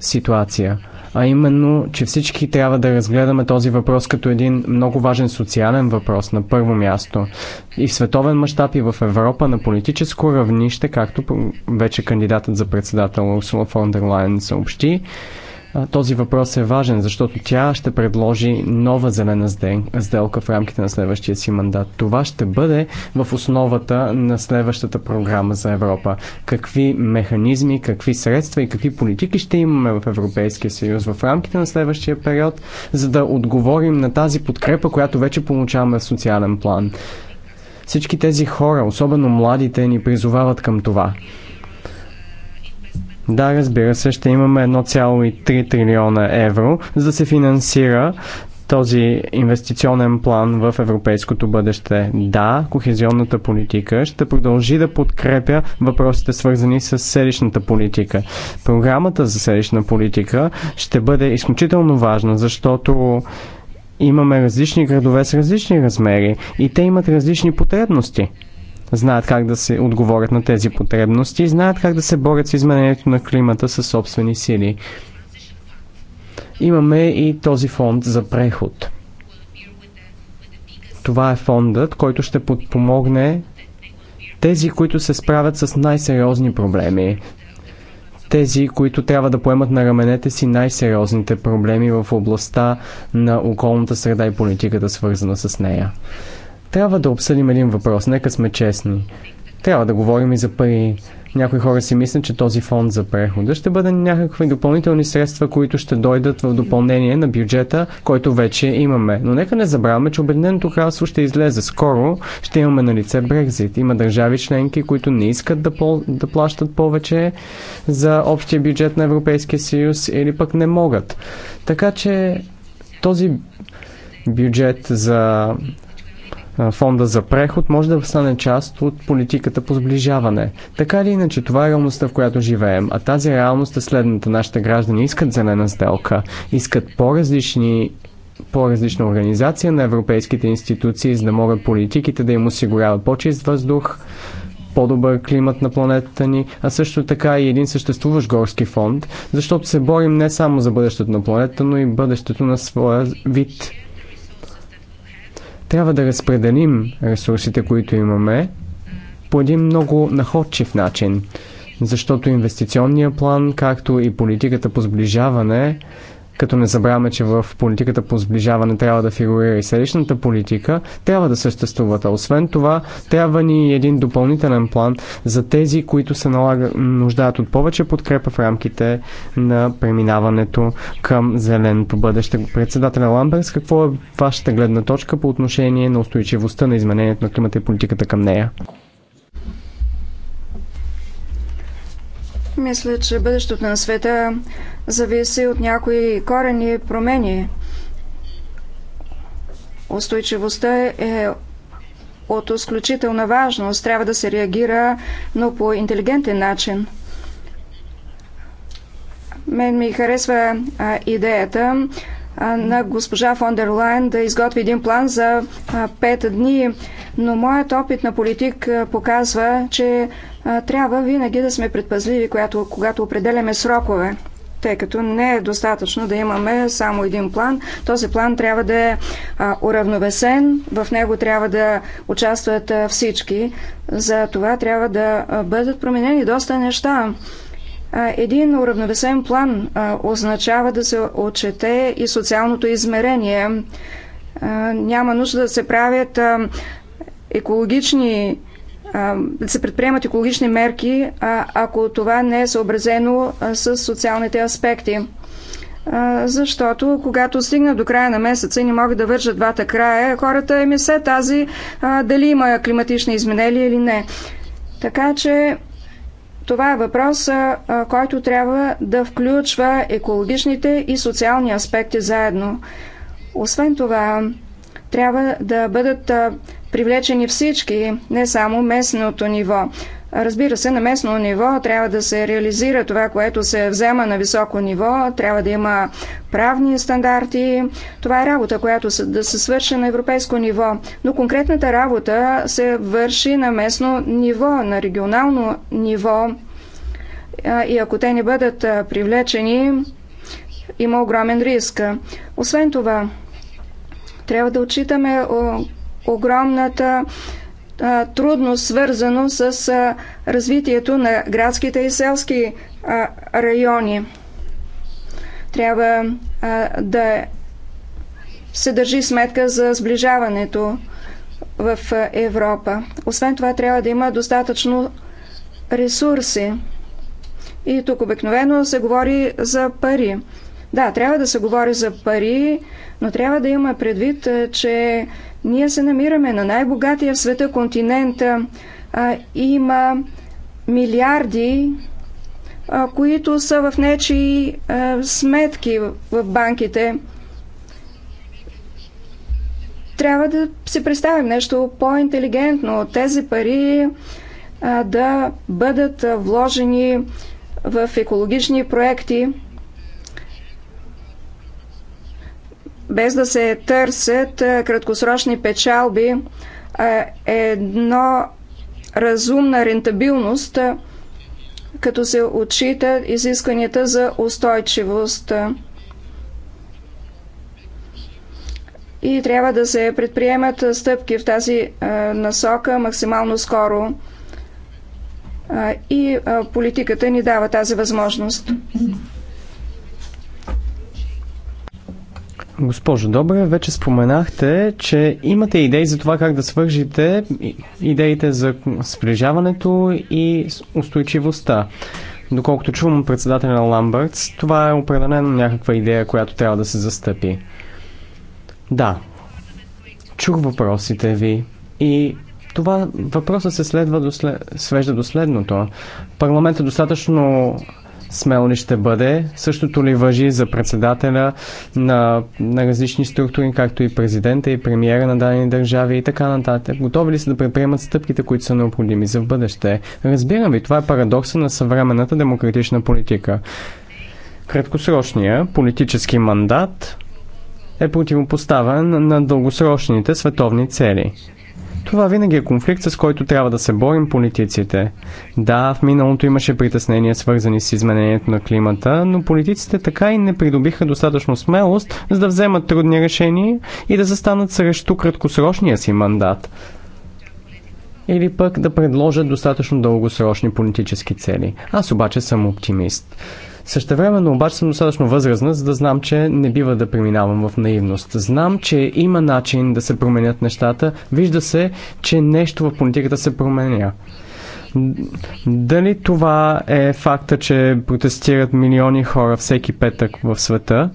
ситуация а именно, че всички трябва да разгледаме този въпрос като един много важен социален въпрос на първо място. И в световен мащаб, и в Европа на политическо равнище, както вече кандидатът за председател Урсула фон дер Лайен съобщи, този въпрос е важен, защото тя ще предложи нова зелена сделка в рамките на следващия си мандат. Това ще бъде в основата на следващата програма за Европа. Какви механизми, какви средства и какви политики ще имаме в Европейския съюз в рамките на следващия период, за да отговорим на тази подкрепа, която вече получаваме в социален план. Всички тези хора, особено младите, ни призовават към това. Да, разбира се, ще имаме 1,3 трилиона евро, за да се финансира този инвестиционен план в европейското бъдеще. Да, кохезионната политика ще продължи да подкрепя въпросите свързани с селищната политика. Програмата за селищна политика ще бъде изключително важна, защото имаме различни градове с различни размери и те имат различни потребности знаят как да се отговорят на тези потребности, знаят как да се борят с изменението на климата със собствени сили. Имаме и този фонд за преход. Това е фондът, който ще подпомогне тези, които се справят с най-сериозни проблеми. Тези, които трябва да поемат на раменете си най-сериозните проблеми в областта на околната среда и политиката, свързана с нея. Трябва да обсъдим един въпрос, нека сме честни. Трябва да говорим и за пари. Някои хора си мислят, че този фонд за прехода ще бъде някакви допълнителни средства, които ще дойдат в допълнение на бюджета, който вече имаме. Но нека не забравяме, че Обединеното кралство ще излезе скоро, ще имаме на лице Брекзит. Има държави членки, които не искат да, по- да плащат повече за общия бюджет на Европейския съюз или пък не могат. Така че този бюджет за фонда за преход може да стане част от политиката по сближаване. Така или иначе, това е реалността, в която живеем. А тази реалност е следната. Нашите граждани искат зелена сделка, искат по-различни по-различна организация на европейските институции, за да могат политиките да им осигуряват по-чист въздух, по-добър климат на планетата ни, а също така и един съществуващ горски фонд, защото се борим не само за бъдещето на планетата, но и бъдещето на своя вид трябва да разпределим ресурсите, които имаме, по един много находчив начин, защото инвестиционния план, както и политиката по сближаване, като не забравяме, че в политиката по сближаване трябва да фигурира и селищната политика, трябва да съществуват. А освен това, трябва ни един допълнителен план за тези, които се налага, нуждаят от повече подкрепа в рамките на преминаването към зеленото бъдеще. Председателя Ламберс, какво е вашата гледна точка по отношение на устойчивостта на изменението на климата и политиката към нея? Мисля, че бъдещето на света зависи от някои корени промени. Устойчивостта е от изключителна важност. Трябва да се реагира, но по интелигентен начин. Мен ми харесва а, идеята а, на госпожа фон дер Лайн да изготви един план за пет дни, но моят опит на политик а, показва, че а, трябва винаги да сме предпазливи, когато определяме срокове тъй като не е достатъчно да имаме само един план. Този план трябва да е уравновесен, в него трябва да участват всички. За това трябва да бъдат променени доста неща. Един уравновесен план означава да се отчете и социалното измерение. Няма нужда да се правят екологични да се предприемат екологични мерки, ако това не е съобразено с социалните аспекти. Защото когато стигна до края на месеца и не могат да вържат двата края, хората е се тази дали има климатични изменения или не. Така че това е въпрос, който трябва да включва екологичните и социални аспекти заедно. Освен това, трябва да бъдат привлечени всички, не само местното ниво. Разбира се, на местно ниво трябва да се реализира това, което се взема на високо ниво, трябва да има правни стандарти. Това е работа, която да се свърши на европейско ниво. Но конкретната работа се върши на местно ниво, на регионално ниво. И ако те не бъдат привлечени, има огромен риск. Освен това, трябва да отчитаме огромната трудно свързано с развитието на градските и селски райони. Трябва да се държи сметка за сближаването в Европа. Освен това, трябва да има достатъчно ресурси. И тук обикновено се говори за пари. Да, трябва да се говори за пари, но трябва да има предвид, е, че ние се намираме на най-богатия в света континент. Е, има милиарди, е, които са в нечи сметки в банките. Трябва да си представим нещо по-интелигентно. Тези пари да бъдат вложени в екологични проекти, без да се търсят краткосрочни печалби, едно разумна рентабилност, като се отчита изискванията за устойчивост. И трябва да се предприемат стъпки в тази насока максимално скоро. И политиката ни дава тази възможност. Госпожо Добре, вече споменахте, че имате идеи за това как да свържите идеите за сближаването и устойчивостта. Доколкото чувам председателя на Ламбъртс, това е определено някаква идея, която трябва да се застъпи. Да, чух въпросите ви и това въпроса се следва до след... свежда до следното. Парламентът е достатъчно смел ли ще бъде. Същото ли въжи за председателя на, на различни структури, както и президента и премиера на дадени държави и така нататък. Готови ли са да предприемат стъпките, които са необходими за в бъдеще? Разбирам ви, това е парадокса на съвременната демократична политика. Краткосрочния политически мандат е противопоставен на дългосрочните световни цели. Това винаги е конфликт, с който трябва да се борим политиците. Да, в миналото имаше притеснения, свързани с изменението на климата, но политиците така и не придобиха достатъчно смелост, за да вземат трудни решения и да застанат срещу краткосрочния си мандат. Или пък да предложат достатъчно дългосрочни политически цели. Аз обаче съм оптимист. Същевременно обаче съм достатъчно възрастна, за да знам, че не бива да преминавам в наивност. Знам, че има начин да се променят нещата. Вижда се, че нещо в политиката се променя. Дали това е факта, че протестират милиони хора всеки петък в света?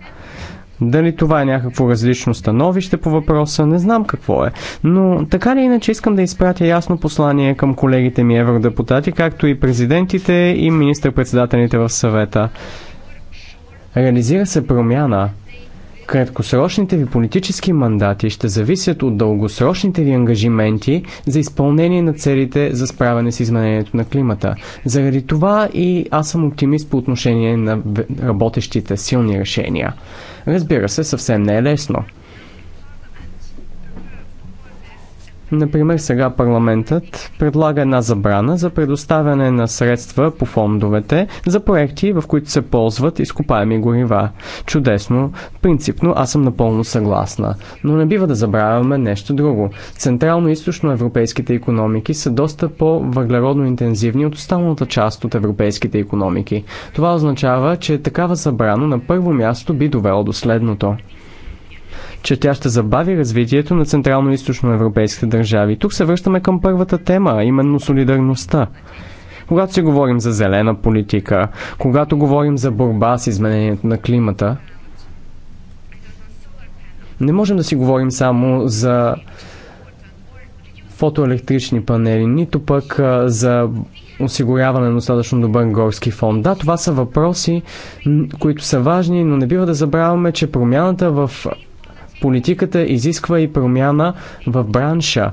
Дали това е някакво различно становище по въпроса, не знам какво е. Но така ли иначе искам да изпратя ясно послание към колегите ми евродепутати, както и президентите и министър-председателите в съвета. Реализира се промяна. Краткосрочните ви политически мандати ще зависят от дългосрочните ви ангажименти за изпълнение на целите за справяне с изменението на климата. Заради това и аз съм оптимист по отношение на работещите силни решения. Разбира се, съвсем не е лесно. Например, сега парламентът предлага една забрана за предоставяне на средства по фондовете за проекти, в които се ползват изкопаеми горива. Чудесно, принципно аз съм напълно съгласна. Но не бива да забравяме нещо друго. Централно-источно европейските економики са доста по-въглеродно интензивни от останалата част от европейските економики. Това означава, че такава забрана на първо място би довело до следното че тя ще забави развитието на централно източно европейските държави. Тук се връщаме към първата тема, а именно солидарността. Когато си говорим за зелена политика, когато говорим за борба с изменението на климата, не можем да си говорим само за фотоелектрични панели, нито пък за осигуряване на достатъчно добър горски фонд. Да, това са въпроси, които са важни, но не бива да забравяме, че промяната в политиката изисква и промяна в бранша.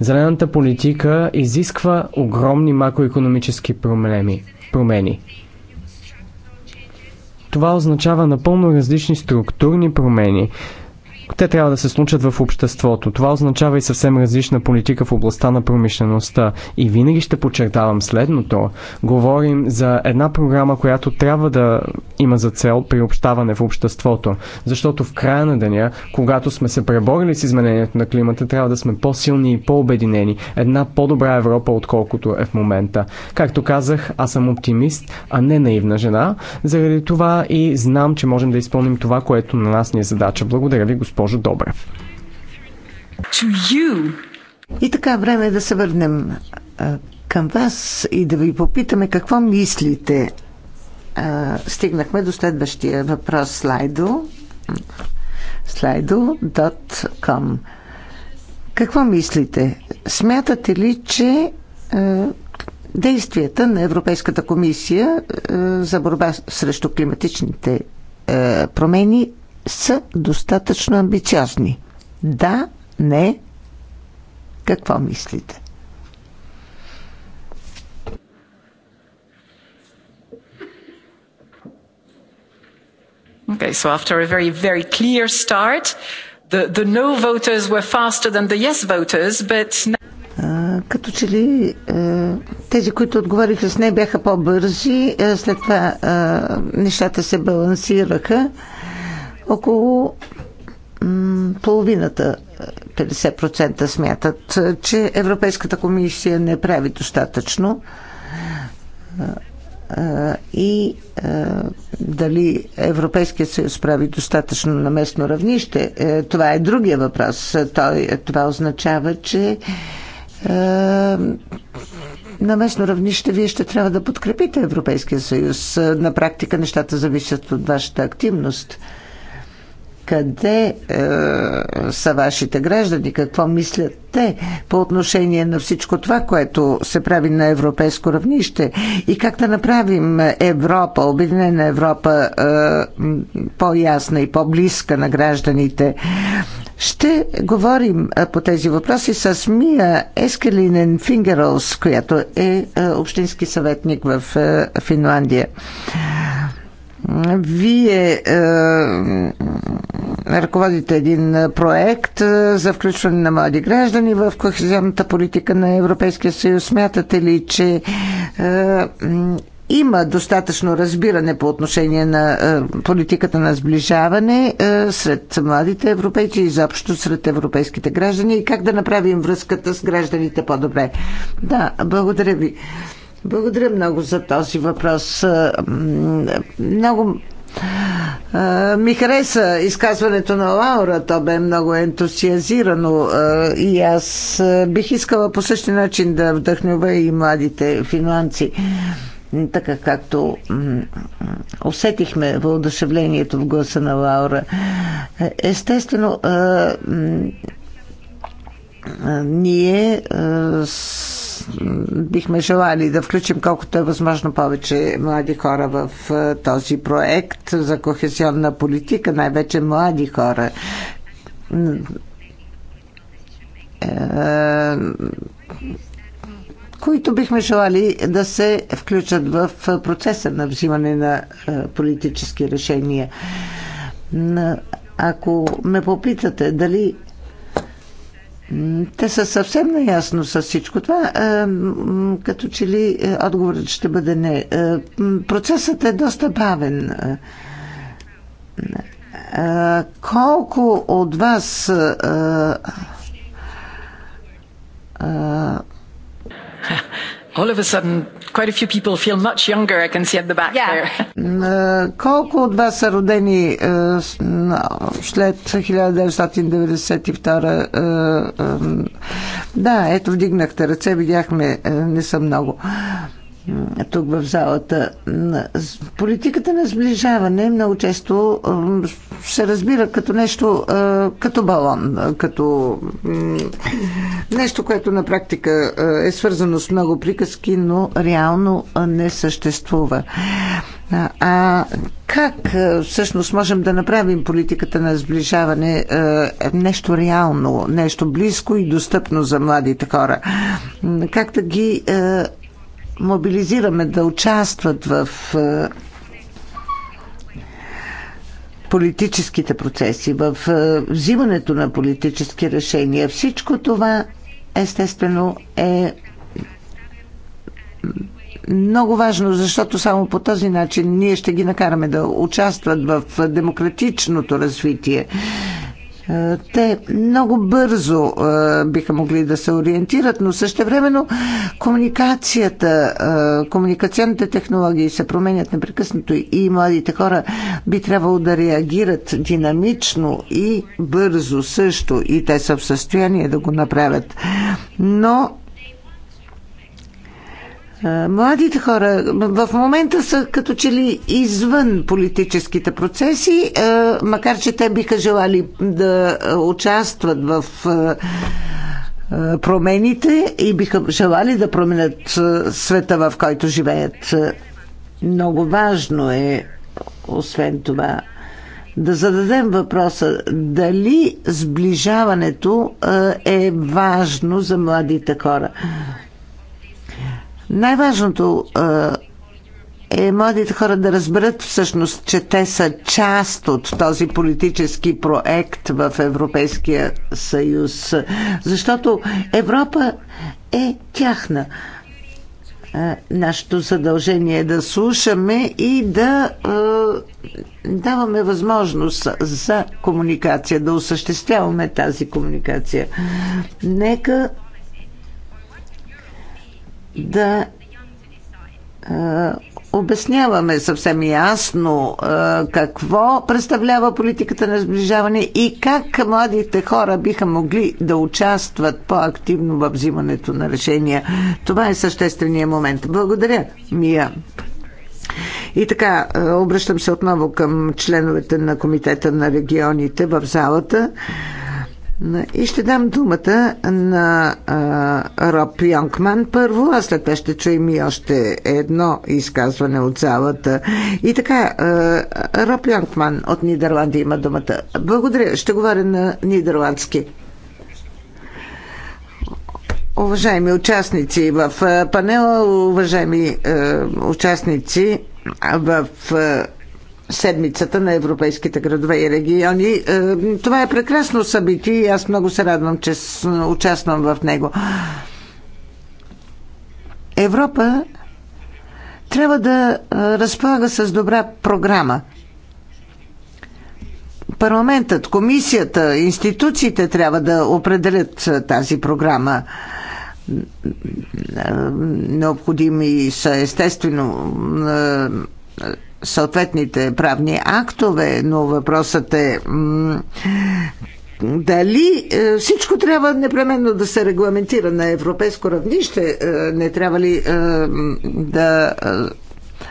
Зелената политика изисква огромни макроекономически промени. промени. Това означава напълно различни структурни промени, те трябва да се случат в обществото. Това означава и съвсем различна политика в областта на промишлеността. И винаги ще подчертавам следното. Говорим за една програма, която трябва да има за цел приобщаване в обществото. Защото в края на деня, когато сме се преборили с изменението на климата, трябва да сме по-силни и по-обединени. Една по-добра Европа, отколкото е в момента. Както казах, аз съм оптимист, а не наивна жена. Заради това и знам, че можем да изпълним това, което на нас ни е задача. Благодаря ви, господин госпожо Добрев. И така, време е да се върнем а, към вас и да ви попитаме какво мислите. А, стигнахме до следващия въпрос слайдо. Slido.com Какво мислите? Смятате ли, че а, действията на Европейската комисия а, за борба срещу климатичните а, промени са достатъчно амбициозни? Да, не. Какво мислите? Okay, so after a very, very clear start, the, the no voters were faster than the yes voters, but now... като че ли е, тези, които отговориха с не, бяха по-бързи, е, след това е, нещата се балансираха. Около половината, 50% е, смятат, е, че Европейската комисия не прави достатъчно е, и дали Европейския съюз прави достатъчно на местно равнище, това е другия въпрос. Той, това означава, че на местно равнище вие ще трябва да подкрепите Европейския съюз. На практика нещата зависят от вашата активност къде е, са вашите граждани, какво мислят те по отношение на всичко това, което се прави на европейско равнище и как да направим Европа, Обединена Европа е, по-ясна и по-близка на гражданите. Ще говорим е, по тези въпроси с Мия Ескелинен Фингерлс, която е, е общински съветник в е, Финландия. Вие е, ръководите един проект е, за включване на млади граждани в кохезионната политика на Европейския съюз. Смятате ли, че е, има достатъчно разбиране по отношение на е, политиката на сближаване е, сред младите европейци и изобщо сред европейските граждани и как да направим връзката с гражданите по-добре. Да, благодаря ви. Благодаря много за този въпрос. Е, много е, ми хареса изказването на Лаура. То бе много ентусиазирано е, и аз бих искала по същия начин да вдъхновя и младите финландци. Така както усетихме въодушевлението в гласа на Лаура. Естествено, ние бихме желали да включим колкото е възможно повече млади хора в този проект за кохесионна политика, най-вече млади хора които бихме желали да се включат в процеса на взимане на политически решения. Ако ме попитате дали те са съвсем наясно с всичко това. Като че ли е, отговорът ще бъде не. Е, процесът е доста бавен. Е, колко от вас All of a sudden, quite a few people feel much younger. I can see at the back yeah. there. Uh, Колко от вас са родени uh, no, след 1992? Uh, um, Да, ето вдигнахте ръце, видяхме, uh, не са много. Uh, е, тук в залата. Политиката на сближаване много често се разбира като нещо, е, като балон, е, като нещо, което на практика е свързано с много приказки, но реално не съществува. А как всъщност можем да направим политиката на сближаване нещо реално, нещо близко и достъпно за младите хора? Как да ги мобилизираме да участват в е, политическите процеси, в е, взимането на политически решения. Всичко това естествено е много важно, защото само по този начин ние ще ги накараме да участват в демократичното развитие е, те много бързо е, биха могли да се ориентират, но времено комуникацията, е, комуникационните технологии се променят непрекъснато и младите хора би трябвало да реагират динамично и бързо също и те са в състояние да го направят. Но Младите хора в момента са като че ли извън политическите процеси, макар че те биха желали да участват в промените и биха желали да променят света, в който живеят. Много важно е, освен това, да зададем въпроса дали сближаването е важно за младите хора. Най-важното е младите хора да разберат всъщност, че те са част от този политически проект в Европейския съюз. Защото Европа е тяхна. Нашето задължение е да слушаме и да е, даваме възможност за комуникация, да осъществяваме тази комуникация. Нека да обясняваме съвсем ясно какво представлява политиката на сближаване и как младите хора биха могли да участват по-активно в взимането на решения. Това е същественият момент. Благодаря, Мия. И така, обръщам се отново към членовете на Комитета на регионите в залата. И ще дам думата на а, Роб Йонгман първо, а след това ще чуем и още едно изказване от залата. И така, а, Роб Йонгман от Нидерландия има думата. Благодаря, ще говоря на нидерландски. Уважаеми участници в панела, уважаеми а, участници в седмицата на европейските градове и региони. Е, това е прекрасно събитие и аз много се радвам, че участвам в него. Европа трябва да е, разполага с добра програма. Парламентът, комисията, институциите трябва да определят е, тази програма. Необходими са естествено съответните правни актове, но въпросът е дали е, всичко трябва непременно да се регламентира на европейско равнище, е, не трябва ли е, да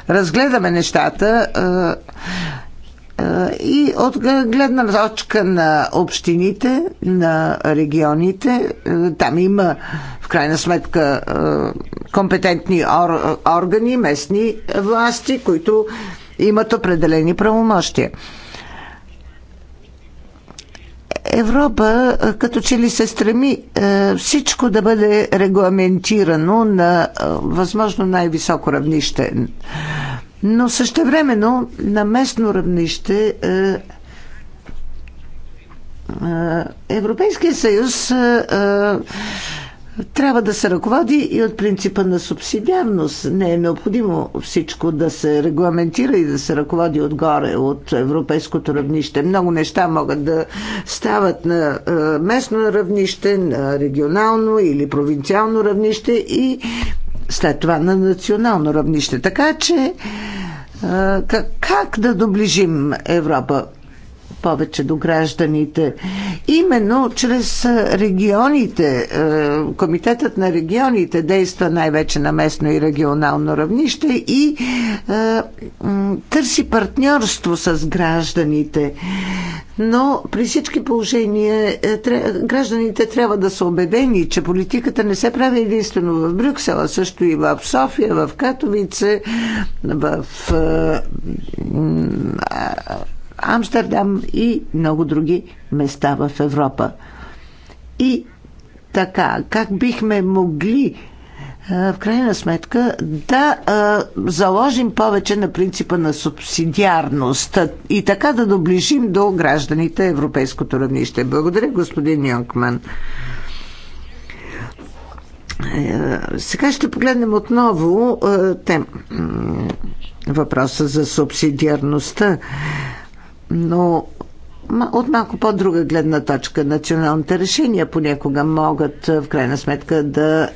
разгледаме нещата и от гледна точка на общините, на регионите, там има в крайна сметка компетентни органи, местни власти, които имат определени правомощия. Европа като че ли се стреми всичко да бъде регламентирано на възможно най-високо равнище. Но същевременно на местно равнище Европейския съюз трябва да се ръководи и от принципа на субсидиарност. Не е необходимо всичко да се регламентира и да се ръководи отгоре от европейското равнище. Много неща могат да стават на е, местно равнище, на регионално или провинциално равнище и след това на национално равнище. Така че е, как да доближим Европа? повече до гражданите. Именно чрез регионите, Комитетът на регионите действа най-вече на местно и регионално равнище и търси партньорство с гражданите. Но при всички положения е, гражданите трябва да са убедени, че политиката не се прави единствено в Брюксел, а също и в София, в Катовице, в е, Амстердам и много други места в Европа. И така, как бихме могли е, в крайна сметка да а, е, заложим повече на принципа на субсидиарност и така да доближим до гражданите европейското равнище. Благодаря, господин Йонкман. Е, сега ще погледнем отново тем, въпроса за субсидиарността но от малко по-друга гледна точка. Националните решения понякога могат е, в крайна сметка да е,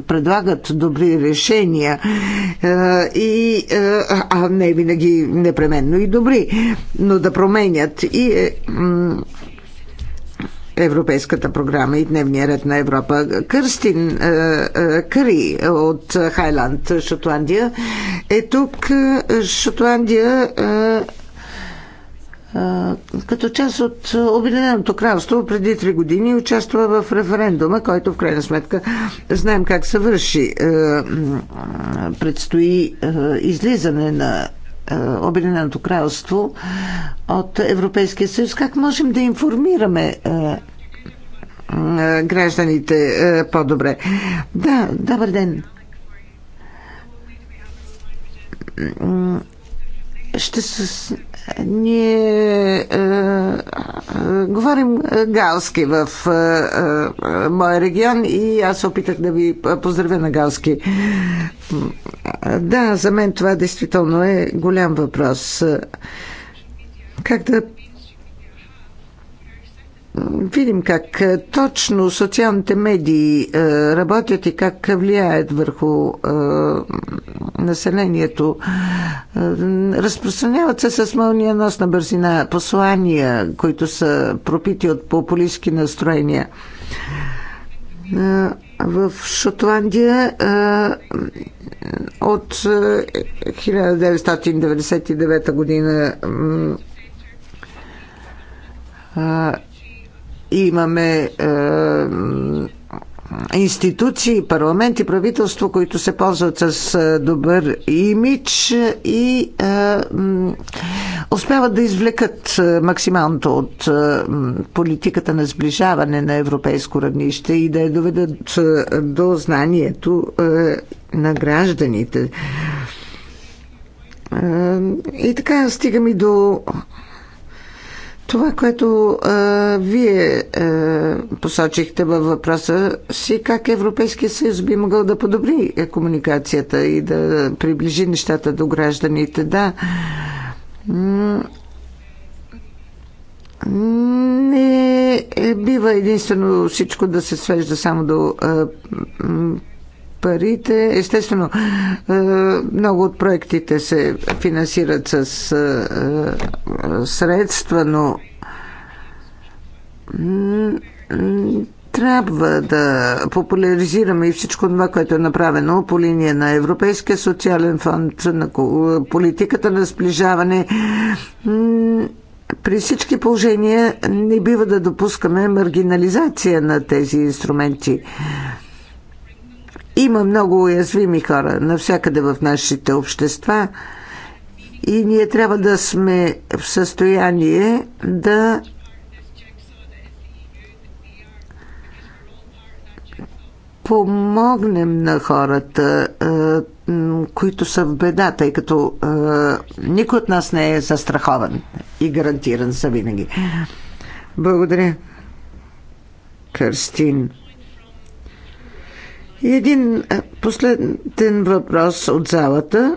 предлагат добри решения е, и, а не винаги непременно и добри, но да променят и е, Европейската програма и дневния ред на Европа. Кърстин Кари от Хайланд, Шотландия, е тук. Шотландия като част от Обединеното кралство преди три години участва в референдума, който в крайна сметка знаем как се върши. Предстои излизане на Обединеното кралство от Европейския съюз. Как можем да информираме гражданите по-добре? Да, добър ден ще се ние е, е, говорим галски в е, е, моя регион и аз опитах да ви поздравя на галски. Да, за мен това действително е голям въпрос. Как да видим как е, точно социалните медии е, работят и как влияят върху е, населението. Разпространяват се с нос на бързина послания, които са пропити от популистски настроения. В Шотландия от 1999 година Имаме е, институции, парламент и правителство, които се ползват с е, добър имидж и е, успяват да извлекат е, максималното от политиката на сближаване на европейско равнище и да я доведат до знанието на гражданите. И така стигаме до това, което а, вие а, посочихте във въпроса си, как Европейския съюз би могъл да подобри комуникацията и да приближи нещата до гражданите, да. Не бива единствено всичко да се свежда само до а, парите. Естествено, е, много от проектите се финансират с е, е, средства, но трябва да популяризираме и всичко това, което е направено по линия на Европейския социален фонд, на политиката на сближаване. При всички положения не бива да допускаме маргинализация на тези инструменти. Има много уязвими хора навсякъде в нашите общества и ние трябва да сме в състояние да помогнем на хората, които са в беда, тъй като никой от нас не е застрахован и гарантиран за винаги. Благодаря. Кърстин един е, последен въпрос от залата.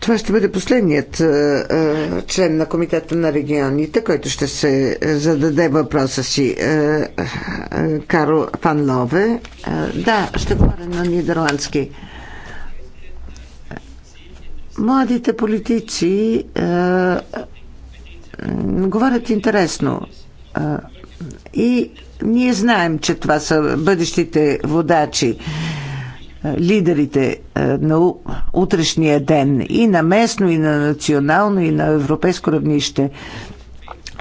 Това ще бъде последният а, е, е, член на Комитета на регионите, който ще се зададе въпроса си. А, а, Каро Пан Лове. Да, ще говоря на нидерландски. Младите политици говорят интересно. И ние знаем, че това са бъдещите водачи, е, лидерите е, на утрешния ден и на местно, и на национално, и на европейско равнище.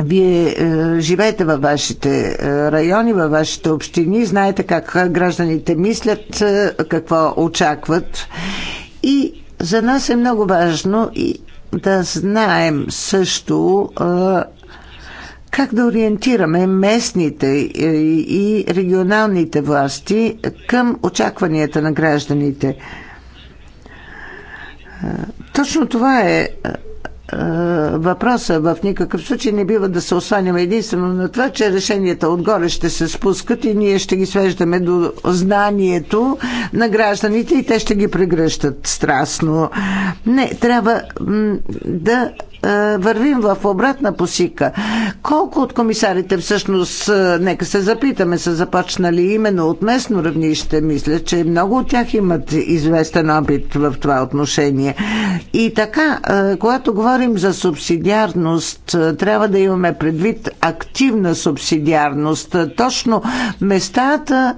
Вие е, живеете във вашите е, райони, във вашите общини, знаете как гражданите мислят, какво очакват. И за нас е много важно и да знаем също е, как да ориентираме местните и регионалните власти към очакванията на гражданите? Точно това е въпроса в никакъв случай не бива да се осланяме единствено на това, че решенията отгоре ще се спускат и ние ще ги свеждаме до знанието на гражданите и те ще ги прегръщат страстно. Не, трябва да е, вървим в обратна посика. Колко от комисарите всъщност, е, нека се запитаме, са започнали именно от местно равнище? Мисля, че много от тях имат известен опит в това отношение. И така, е, когато говорим за субсидиарност, трябва да имаме предвид активна субсидиарност. Точно местата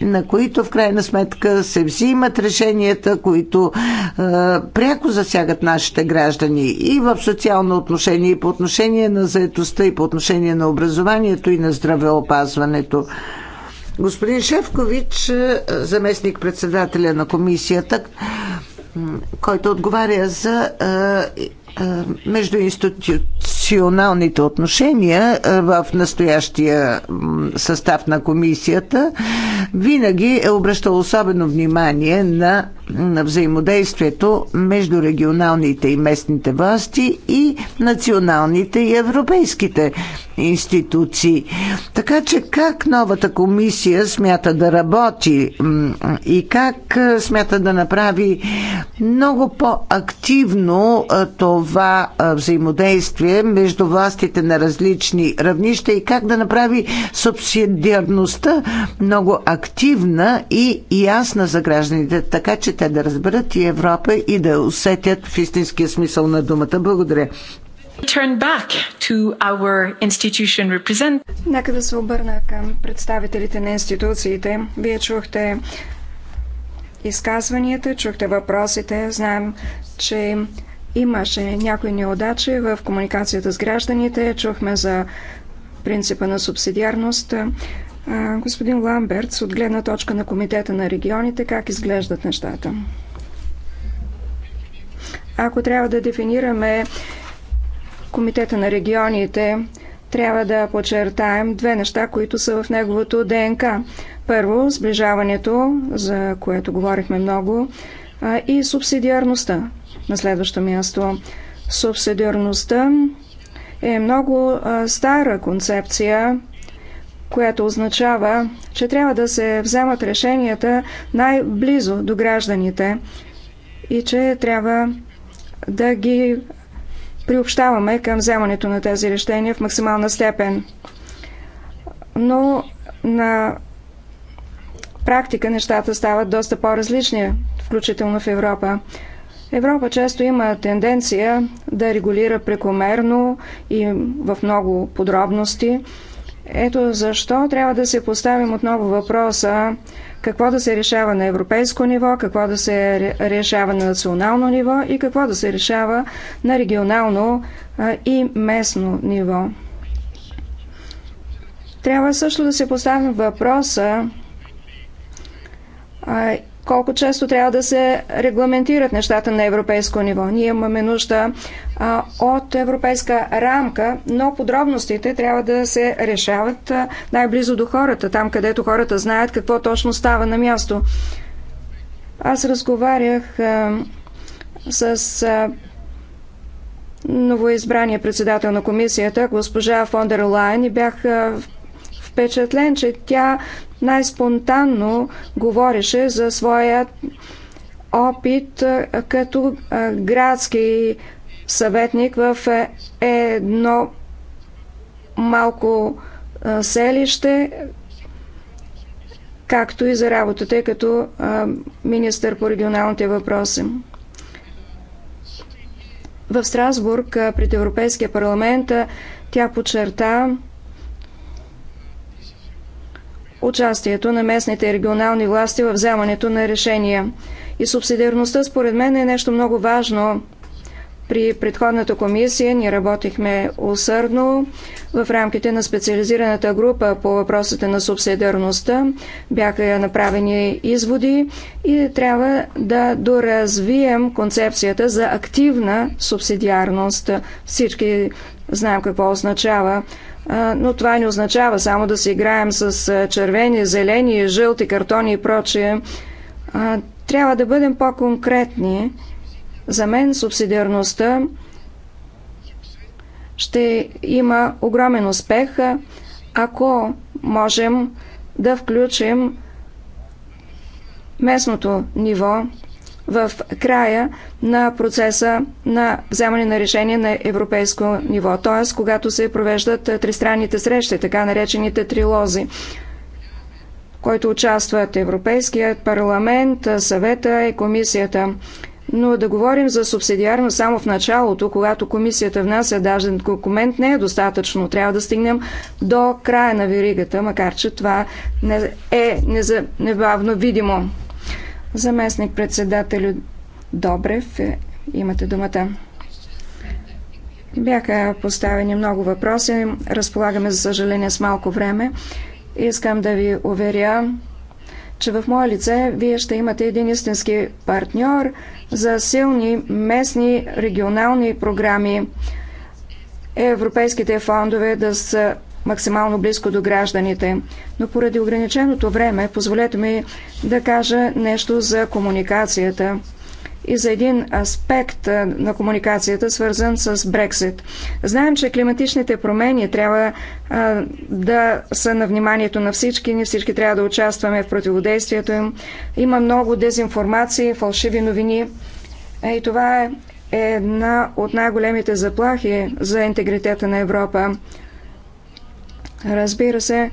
на които в крайна сметка се взимат решенията, които а, е, пряко засягат нашите граждани и в социално отношение, и по отношение на заетостта, и по отношение на образованието, и на здравеопазването. Господин Шевкович, е, заместник председателя на комисията, който отговаря за а, е, а, междуинституционалната институционалните отношения в настоящия състав на комисията винаги е обръщал особено внимание на на взаимодействието между регионалните и местните власти и националните и европейските институции. Така че как новата комисия смята да работи и как смята да направи много по-активно това взаимодействие между властите на различни равнища и как да направи субсидиарността много активна и ясна за гражданите, така че те да разберат и Европа и да усетят в истинския смисъл на думата. Благодаря. Нека да се обърна към представителите на институциите. Вие чухте изказванията, чухте въпросите. Знаем, че имаше някои неудачи в комуникацията с гражданите. Чухме за принципа на субсидиарност господин Ламберт, от гледна точка на Комитета на регионите как изглеждат нещата. Ако трябва да дефинираме Комитета на регионите, трябва да подчертаем две неща, които са в неговото ДНК. Първо, сближаването, за което говорихме много, и субсидиарността на следващо място. Субсидиарността е много стара концепция, което означава, че трябва да се вземат решенията най-близо до гражданите и че трябва да ги приобщаваме към вземането на тези решения в максимална степен. Но на практика нещата стават доста по-различни, включително в Европа. Европа често има тенденция да регулира прекомерно и в много подробности – ето защо трябва да се поставим отново въпроса какво да се решава на европейско ниво, какво да се решава на национално ниво и какво да се решава на регионално и местно ниво. Трябва също да се поставим въпроса колко често трябва да се регламентират нещата на европейско ниво. Ние имаме нужда а, от европейска рамка, но подробностите трябва да се решават най-близо до хората, там където хората знаят какво точно става на място. Аз разговарях а, с а, новоизбрания председател на комисията, госпожа Фондер Лайн, и бях а, впечатлен, че тя най-спонтанно говореше за своя опит като градски съветник в едно малко селище, както и за работата като министър по регионалните въпроси. В Страсбург пред Европейския парламент тя подчерта участието на местните и регионални власти в вземането на решения. И субсидиарността според мен е нещо много важно. При предходната комисия ние работихме усърдно в рамките на специализираната група по въпросите на субсидиарността. Бяха направени изводи и трябва да доразвием концепцията за активна субсидиарност. Всички знаем какво означава но това не означава само да си играем с червени, зелени, жълти картони и прочие. Трябва да бъдем по-конкретни. За мен субсидиарността ще има огромен успех, ако можем да включим местното ниво в края на процеса на вземане на решение на европейско ниво, т.е. когато се провеждат тристранните срещи, така наречените трилози който участват Европейският парламент, съвета и комисията. Но да говорим за субсидиарност само в началото, когато комисията внася даден документ, не е достатъчно. Трябва да стигнем до края на веригата, макар че това не е незабавно видимо. Заместник председателю Добрев, е, имате думата. Бяха поставени много въпроси. Разполагаме, за съжаление, с малко време. Искам да ви уверя, че в мое лице вие ще имате един истински партньор за силни местни регионални програми. Европейските фондове да са максимално близко до гражданите. Но поради ограниченото време, позволете ми да кажа нещо за комуникацията и за един аспект на комуникацията, свързан с Брексит. Знаем, че климатичните промени трябва а, да са на вниманието на всички. Ние всички трябва да участваме в противодействието им. Има много дезинформации, фалшиви новини. Е, и това е една от най-големите заплахи за интегритета на Европа. Разбира се,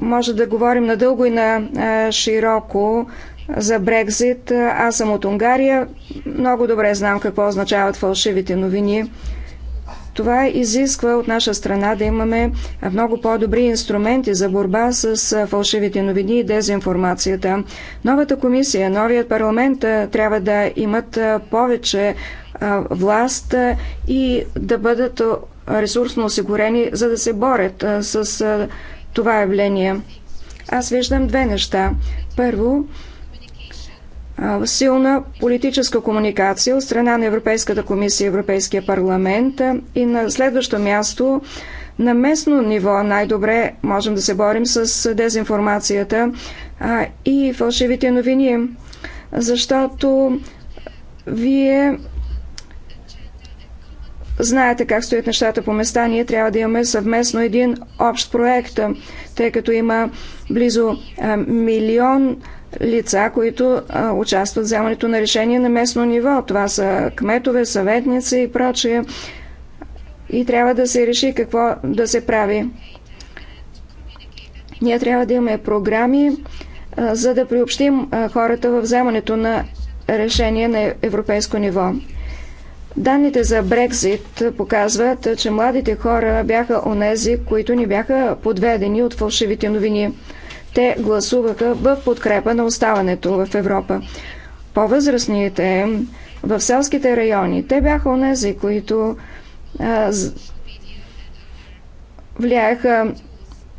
може да говорим надълго и на широко за Брекзит. Аз съм от Унгария. Много добре знам какво означават фалшивите новини. Това изисква от наша страна да имаме много по-добри инструменти за борба с фалшивите новини и дезинформацията. Новата комисия, новият парламент трябва да имат повече власт и да бъдат ресурсно осигурени, за да се борят с това явление. Аз виждам две неща. Първо, силна политическа комуникация от страна на Европейската комисия и Европейския парламент и на следващо място на местно ниво най-добре можем да се борим с дезинформацията и фалшивите новини, защото вие знаете как стоят нещата по места, ние трябва да имаме съвместно един общ проект, тъй като има близо е, милион лица, които е, участват в вземането на решение на местно ниво. Това са кметове, съветници и прочие. И трябва да се реши какво да се прави. Ние трябва да имаме програми, е, за да приобщим хората в вземането на решение на европейско ниво. Данните за Брекзит показват, че младите хора бяха онези, които ни бяха подведени от фалшивите новини. Те гласуваха в подкрепа на оставането в Европа. По-възрастните в селските райони, те бяха онези, които а,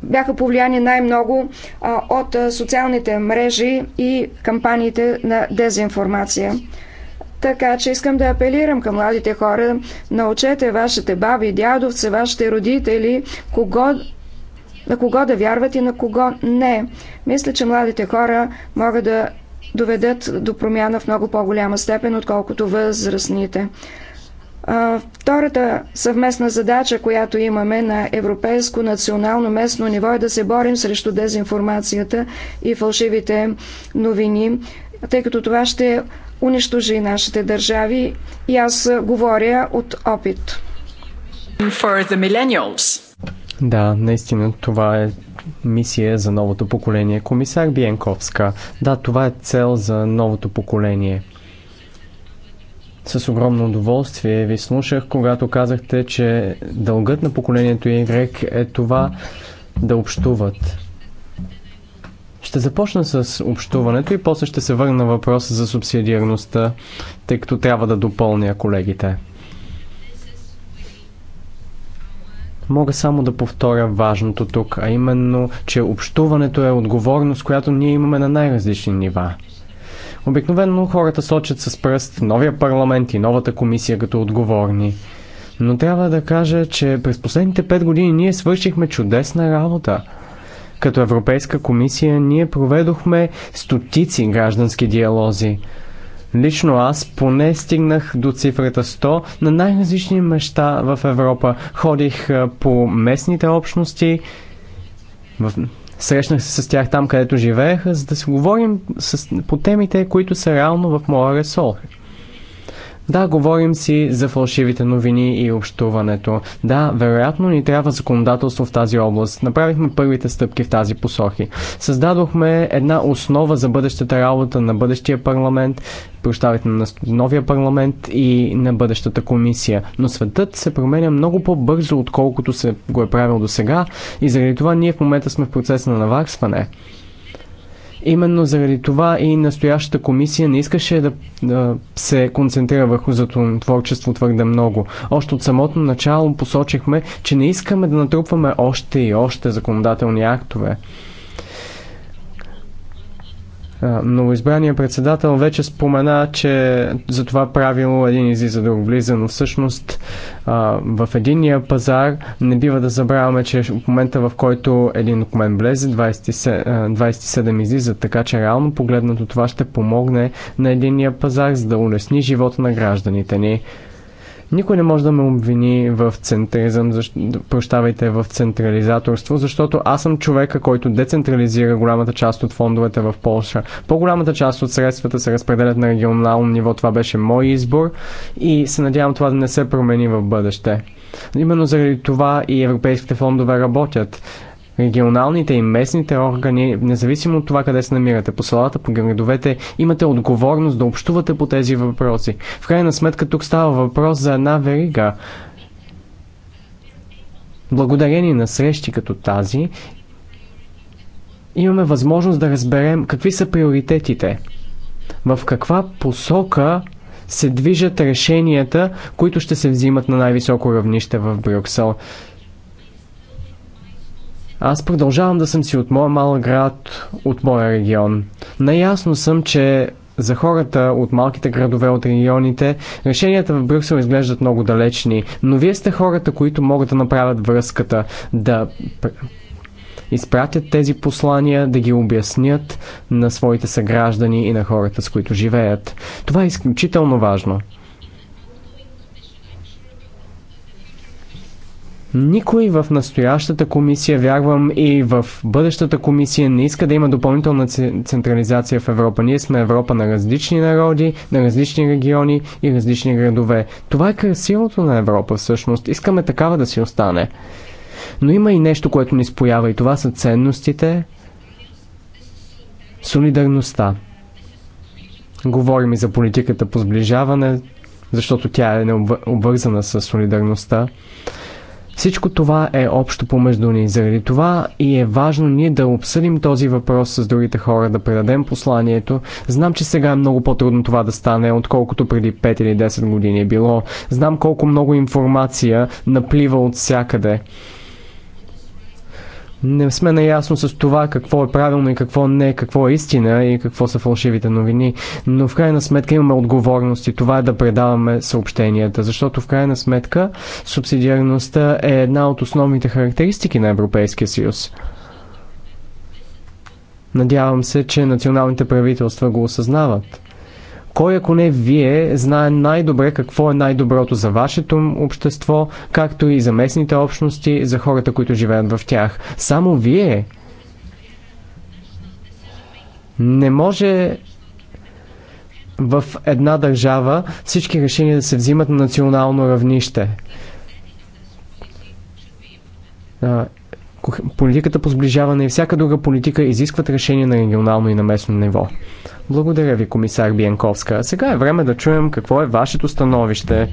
бяха повлияни най-много от социалните мрежи и кампаниите на дезинформация. Така че искам да апелирам към младите хора, научете вашите баби, дядовци, вашите родители, кого, на кого да вярват и на кого не. Мисля, че младите хора могат да доведат до промяна в много по-голяма степен, отколкото възрастните. Втората съвместна задача, която имаме на европейско, национално, местно ниво е да се борим срещу дезинформацията и фалшивите новини, тъй като това ще унищожи нашите държави и аз говоря от опит. Да, наистина това е мисия за новото поколение. Комисар Биенковска, да, това е цел за новото поколение. С огромно удоволствие ви слушах, когато казахте, че дългът на поколението Y е това да общуват ще започна с общуването и после ще се върна въпроса за субсидиарността, тъй като трябва да допълня колегите. мога само да повторя важното тук, а именно, че общуването е отговорност, която ние имаме на най-различни нива. Обикновено хората сочат с пръст новия парламент и новата комисия като отговорни. Но трябва да кажа, че през последните пет години ние свършихме чудесна работа. Като Европейска комисия ние проведохме стотици граждански диалози. Лично аз поне стигнах до цифрата 100 на най-различни места в Европа. Ходих по местните общности, срещнах се с тях там, където живееха, за да си говорим с... по темите, които са реално в моя ресор. Да, говорим си за фалшивите новини и общуването. Да, вероятно ни трябва законодателство в тази област. Направихме първите стъпки в тази посохи. Създадохме една основа за бъдещата работа на бъдещия парламент, прощавайте, на новия парламент и на бъдещата комисия. Но светът се променя много по-бързо, отколкото се го е правил до сега и заради това ние в момента сме в процес на наваксване. Именно заради това и настоящата комисия не искаше да, да се концентрира върху затворчество твърде много. Още от самото начало посочихме, че не искаме да натрупваме още и още законодателни актове новоизбрания председател вече спомена, че за това правило един за друг влиза, но всъщност в единния пазар не бива да забравяме, че в момента в който един документ влезе, 27, 27 излиза, така че реално погледнато това ще помогне на единния пазар, за да улесни живота на гражданите ни. Никой не може да ме обвини в центризъм, защ... прощавайте, в централизаторство, защото аз съм човека, който децентрализира голямата част от фондовете в Полша. По-голямата част от средствата се разпределят на регионално ниво. Това беше мой избор и се надявам това да не се промени в бъдеще. Именно заради това и европейските фондове работят регионалните и местните органи, независимо от това къде се намирате, по селата, по градовете, имате отговорност да общувате по тези въпроси. В крайна сметка тук става въпрос за една верига. Благодарение на срещи като тази, имаме възможност да разберем какви са приоритетите, в каква посока се движат решенията, които ще се взимат на най-високо равнище в Брюксел. Аз продължавам да съм си от моя малък град, от моя регион. Наясно съм, че за хората от малките градове, от регионите, решенията в Брюксел изглеждат много далечни, но вие сте хората, които могат да направят връзката, да изпратят тези послания, да ги обяснят на своите съграждани и на хората, с които живеят. Това е изключително важно. Никой в настоящата комисия, вярвам и в бъдещата комисия, не иска да има допълнителна централизация в Европа. Ние сме Европа на различни народи, на различни региони и различни градове. Това е красивото на Европа всъщност. Искаме такава да си остане. Но има и нещо, което ни споява и това са ценностите, солидарността. Говорим и за политиката по сближаване, защото тя е обвързана с солидарността. Всичко това е общо помежду ни. Заради това и е важно ние да обсъдим този въпрос с другите хора, да предадем посланието. Знам, че сега е много по-трудно това да стане, отколкото преди 5 или 10 години е било. Знам колко много информация наплива от всякъде не сме наясно с това какво е правилно и какво не, е, какво е истина и какво са фалшивите новини, но в крайна сметка имаме отговорност и това е да предаваме съобщенията, защото в крайна сметка субсидиарността е една от основните характеристики на Европейския съюз. Надявам се, че националните правителства го осъзнават. Кой, ако не вие, знае най-добре какво е най-доброто за вашето общество, както и за местните общности, за хората, които живеят в тях. Само вие не може в една държава всички решения да се взимат на национално равнище. Политиката по сближаване и всяка друга политика изискват решение на регионално и на местно ниво. Благодаря ви, комисар Биенковска. Сега е време да чуем какво е вашето становище,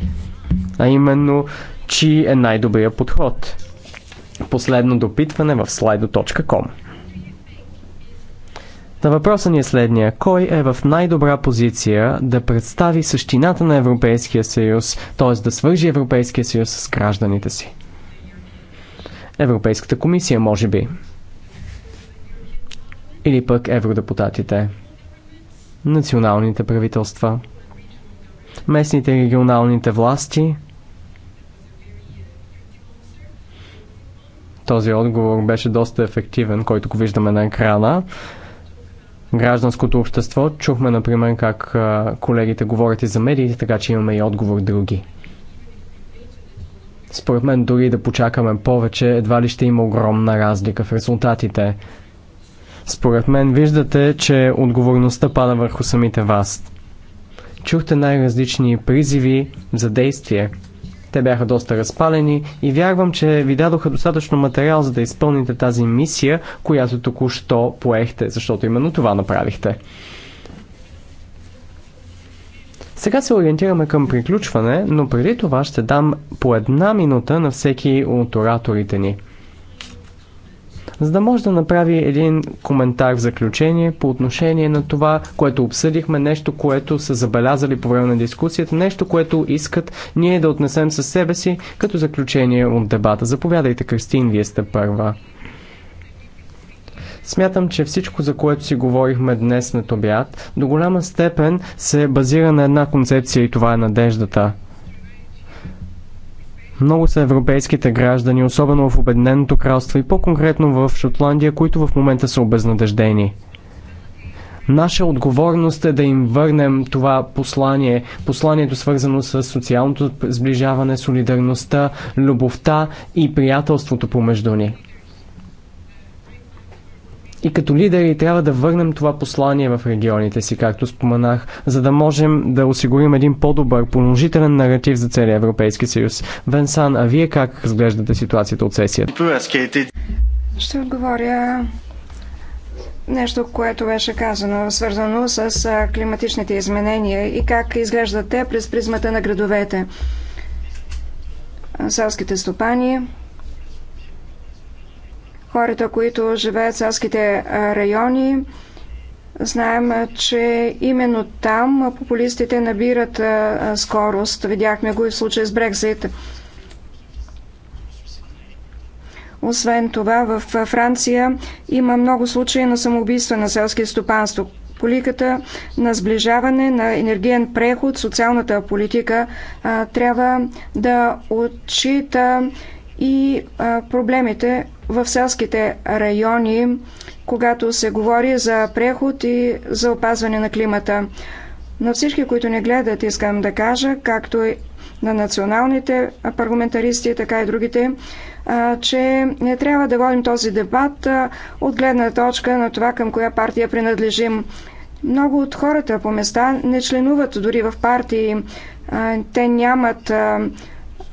а именно, чи е най-добрият подход. Последно допитване в slido.com. На въпроса ни е следния. Кой е в най-добра позиция да представи същината на Европейския съюз, т.е. да свържи Европейския съюз с гражданите си? Европейската комисия, може би. Или пък евродепутатите, националните правителства, местните и регионалните власти. Този отговор беше доста ефективен, който го виждаме на екрана гражданското общество. Чухме, например, как колегите говорят и за медиите, така че имаме и отговор други. Според мен дори да почакаме повече, едва ли ще има огромна разлика в резултатите. Според мен виждате, че отговорността пада върху самите вас. Чухте най-различни призиви за действие. Те бяха доста разпалени и вярвам, че ви дадоха достатъчно материал, за да изпълните тази мисия, която току-що поехте, защото именно това направихте. Сега се ориентираме към приключване, но преди това ще дам по една минута на всеки от ораторите ни. За да може да направи един коментар в заключение по отношение на това, което обсъдихме, нещо, което са забелязали по време на дискусията, нещо, което искат ние да отнесем със себе си като заключение от дебата. Заповядайте, Кристин, вие сте първа. Смятам, че всичко, за което си говорихме днес на обяд, до голяма степен се базира на една концепция и това е надеждата. Много са европейските граждани, особено в Обединеното кралство и по-конкретно в Шотландия, които в момента са обезнадеждени. Наша отговорност е да им върнем това послание, посланието свързано с социалното сближаване, солидарността, любовта и приятелството помежду ни. И като лидери трябва да върнем това послание в регионите си, както споменах, за да можем да осигурим един по-добър, положителен наратив за целия Европейски съюз. Венсан, а вие как разглеждате ситуацията от сесията? Ще отговоря нещо, което беше казано, свързано с климатичните изменения и как изглеждат те през призмата на градовете. Селските стопани, хората, които живеят в селските райони. Знаем, че именно там популистите набират скорост. Видяхме го и в случай с Брекзит. Освен това, в Франция има много случаи на самоубийства на селски стопанство. Поликата на сближаване, на енергиен преход, социалната политика трябва да отчита и проблемите в селските райони, когато се говори за преход и за опазване на климата. На всички, които не гледат, искам да кажа, както и на националните парламентаристи, така и другите, че не трябва да водим този дебат от гледна точка на това към коя партия принадлежим. Много от хората по места не членуват дори в партии. Те нямат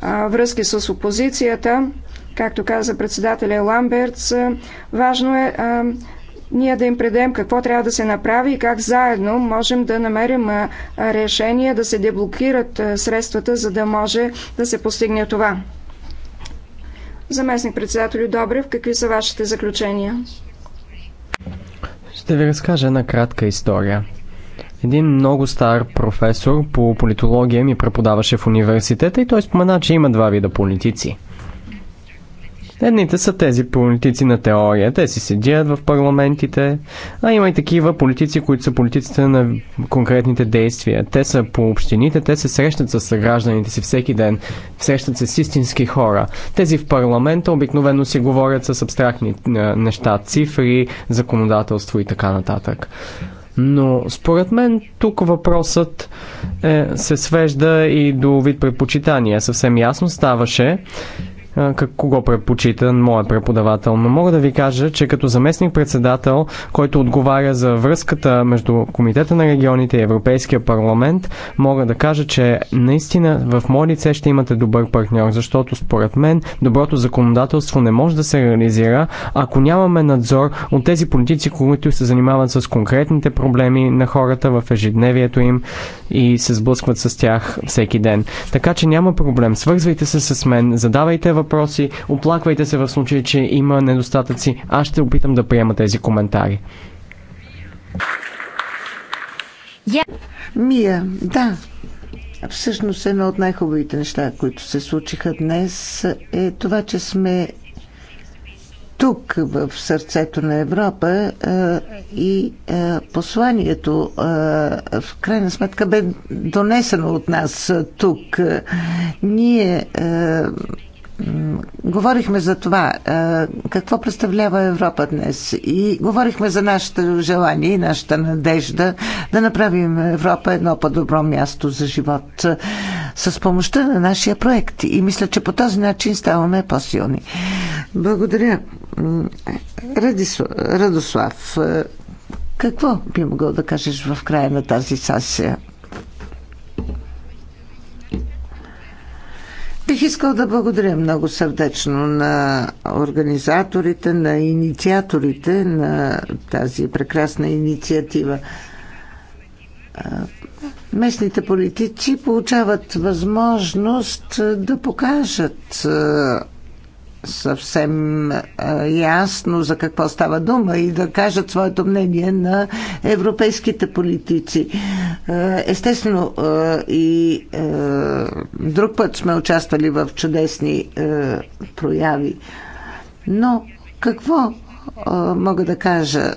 връзки с опозицията, както каза председателя Ламбертс, важно е ние да им предем какво трябва да се направи и как заедно можем да намерим решение да се деблокират средствата, за да може да се постигне това. Заместник председателю Добрев, какви са вашите заключения? Ще ви разкажа една кратка история. Един много стар професор по политология ми преподаваше в университета и той спомена, че има два вида политици. Едните са тези политици на теория. Те си седят в парламентите, а има и такива политици, които са политиците на конкретните действия. Те са по общините, те се срещат с гражданите си всеки ден, срещат се с истински хора. Тези в парламента обикновено си говорят с абстрактни неща, цифри, законодателство и така нататък. Но според мен тук въпросът е, се свежда и до вид предпочитания. Съвсем ясно ставаше, как, кого предпочита моят преподавател. Но мога да ви кажа, че като заместник-председател, който отговаря за връзката между Комитета на регионите и Европейския парламент, мога да кажа, че наистина в мое лице ще имате добър партньор, защото според мен доброто законодателство не може да се реализира, ако нямаме надзор от тези политици, които се занимават с конкретните проблеми на хората в ежедневието им и се сблъскват с тях всеки ден. Така че няма проблем. Свързвайте се с мен, задавайте въпроси въпроси, оплаквайте се в случай, че има недостатъци. Аз ще опитам да приема тези коментари. Yeah. Мия, да. Всъщност едно от най-хубавите неща, които се случиха днес е това, че сме тук в сърцето на Европа и посланието в крайна сметка бе донесено от нас тук. Ние говорихме за това, какво представлява Европа днес и говорихме за нашето желание и нашата надежда да направим Европа едно по-добро място за живот с помощта на нашия проект. И мисля, че по този начин ставаме по-силни. Благодаря. Радослав, какво би могъл да кажеш в края на тази сесия? Бих искал да благодаря много сърдечно на организаторите, на инициаторите на тази прекрасна инициатива. Местните политици получават възможност да покажат съвсем ясно за какво става дума и да кажат своето мнение на европейските политици. Естествено и друг път сме участвали в чудесни прояви. Но какво мога да кажа?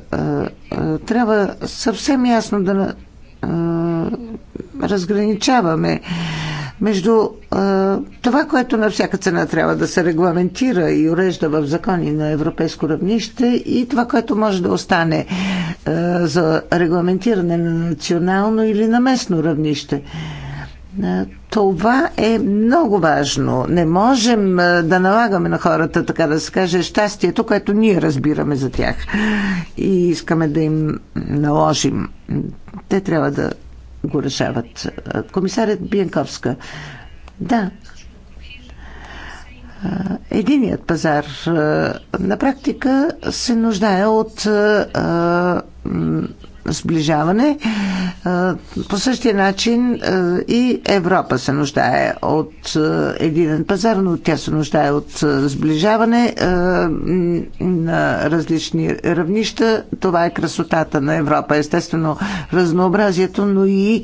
Трябва съвсем ясно да разграничаваме между а, това, което на всяка цена трябва да се регламентира и урежда в закони на европейско равнище и това, което може да остане а, за регламентиране на национално или на местно равнище. Това е много важно. Не можем да налагаме на хората, така да се каже, щастието, което ние разбираме за тях и искаме да им наложим. Те трябва да го решават. Комисарят Биенковска. Да, Единият пазар на практика се нуждае от сближаване. По същия начин и Европа се нуждае от един пазар, но тя се нуждае от сближаване на различни равнища. Това е красотата на Европа. Естествено, разнообразието, но и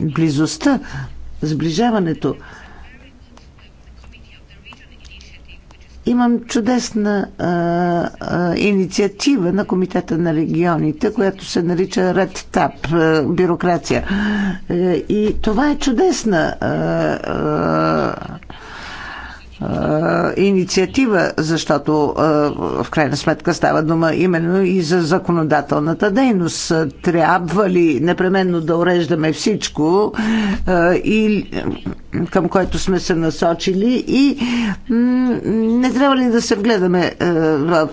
близостта, сближаването. Имам чудесна а, а, инициатива на Комитета на регионите, която се нарича Red Tap, а, бюрокрация. Е, и това е чудесна а, а, инициатива, защото в крайна сметка става дума именно и за законодателната дейност. Трябва ли непременно да уреждаме всичко и към което сме се насочили и не трябва ли да се вгледаме в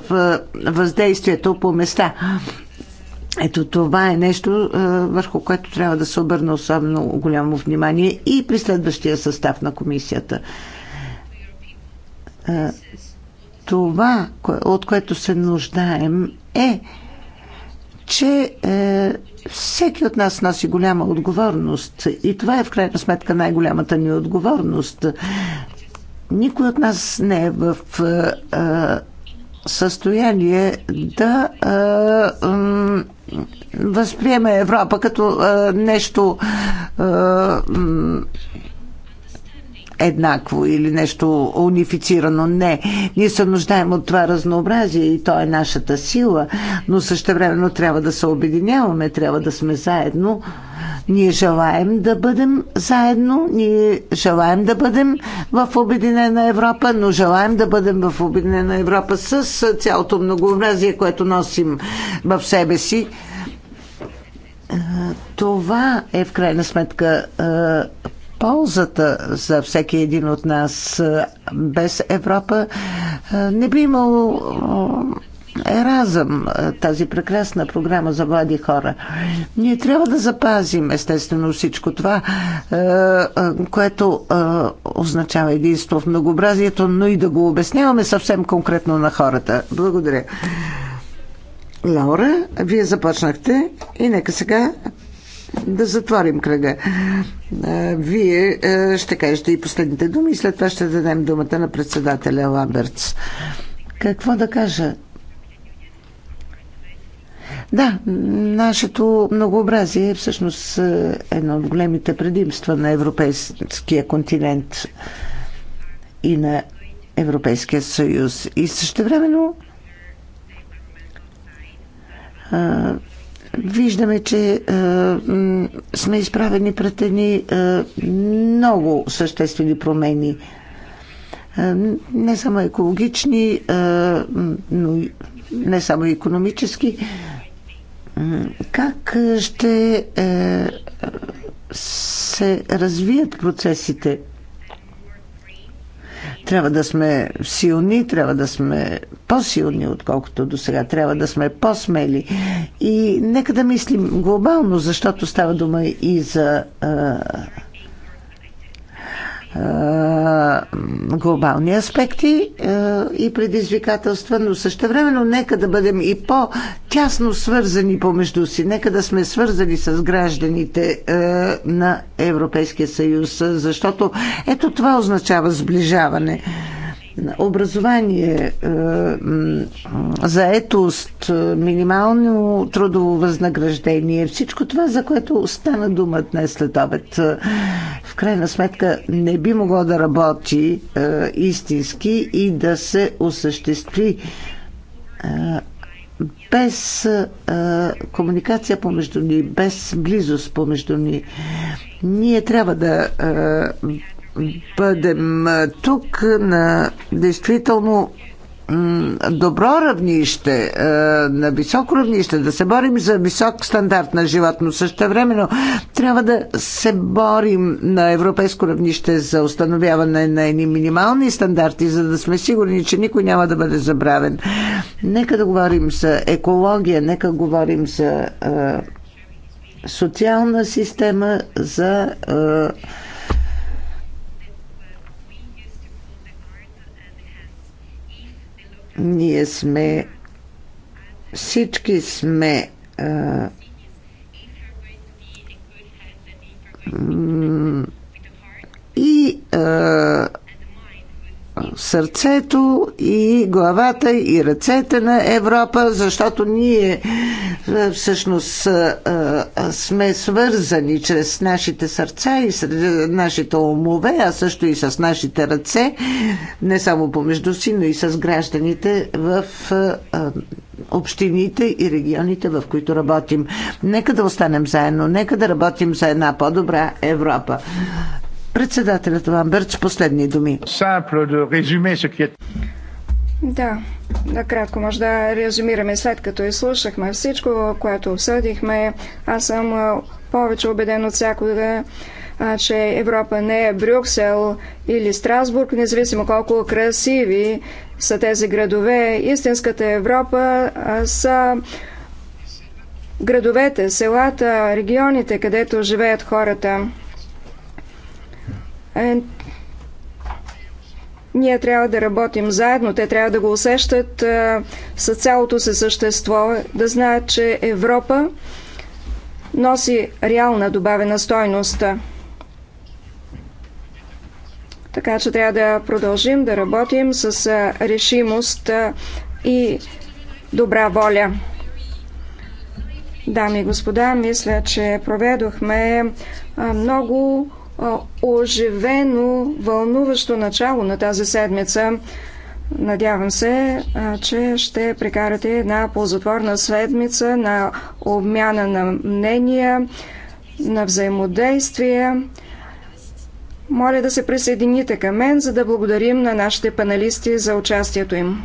въздействието по места? Ето това е нещо, върху което трябва да се обърне особено голямо внимание и при следващия състав на комисията това, от което се нуждаем, е, че е, всеки от нас носи голяма отговорност. И това е в крайна сметка най-голямата ни отговорност. Никой от нас не е в е, е състояние да е, е, възприеме Европа като е, нещо. Е, еднакво или нещо унифицирано. Не. Ние се нуждаем от това разнообразие и то е нашата сила, но същевременно трябва да се обединяваме, трябва да сме заедно. Ние желаем да бъдем заедно, ние желаем да бъдем в Обединена Европа, но желаем да бъдем в Обединена Европа с цялото многообразие, което носим в себе си. Е, това е в крайна сметка е, ползата за всеки един от нас. Без Европа не би имало Еразъм, тази прекрасна програма за млади хора. Ние трябва да запазим, естествено, всичко това, което означава единство в многообразието, но и да го обясняваме съвсем конкретно на хората. Благодаря. Лаура, вие започнахте и нека сега да затворим кръга. Е, вие е, ще кажете и последните думи и след това ще дадем думата на председателя Ламбертс. Какво да кажа? Да, нашето многообразие е всъщност е, едно от големите предимства на европейския континент и на Европейския съюз. И също времено. Виждаме, че е, сме изправени пред едни е, много съществени промени. Е, не само екологични, е, но и, не само економически. Е, как ще е, се развият процесите трябва да сме силни, трябва да сме по-силни, отколкото до сега. Трябва да сме по-смели. И нека да мислим глобално, защото става дума и за глобални аспекти и предизвикателства, но същевременно нека да бъдем и по-тясно свързани помежду си. Нека да сме свързани с гражданите на Европейския съюз, защото ето това означава сближаване образование, е, заетост, е, минимално трудово възнаграждение, всичко това, за което стана дума днес след обед, е, в крайна сметка не би могло да работи истински и да се осъществи без комуникация помежду ни, без близост помежду ни. Ние трябва да бъдем тук на действително добро равнище, на високо равнище, да се борим за висок стандарт на живот, но също времено трябва да се борим на европейско равнище за установяване на едни минимални стандарти, за да сме сигурни, че никой няма да бъде забравен. Нека да говорим за екология, нека говорим за социална система, за е, Ние сме, всички сме а, и а, сърцето и главата и ръцете на Европа, защото ние е, всъщност е, е, сме свързани чрез нашите сърца и нашите умове, а също и с нашите ръце, не само помежду си, но и с гражданите в общините и регионите, в които работим. Нека да останем заедно, нека да работим за една по-добра Европа. Председателят Ламберт с последни думи. Да, накратко може да резюмираме след като изслушахме всичко, което обсъдихме. Аз съм повече убеден от всяко да че Европа не е Брюксел или Страсбург, независимо колко красиви са тези градове. Истинската Европа са градовете, селата, регионите, където живеят хората. Е, ние трябва да работим заедно, те трябва да го усещат е, с цялото се същество, да знаят, че Европа носи реална добавена стойност. Така че трябва да продължим да работим с е, решимост и добра воля. Дами и господа, мисля, че проведохме много оживено, вълнуващо начало на тази седмица. Надявам се, че ще прекарате една ползотворна седмица на обмяна на мнения, на взаимодействие. Моля да се присъедините към мен, за да благодарим на нашите паналисти за участието им.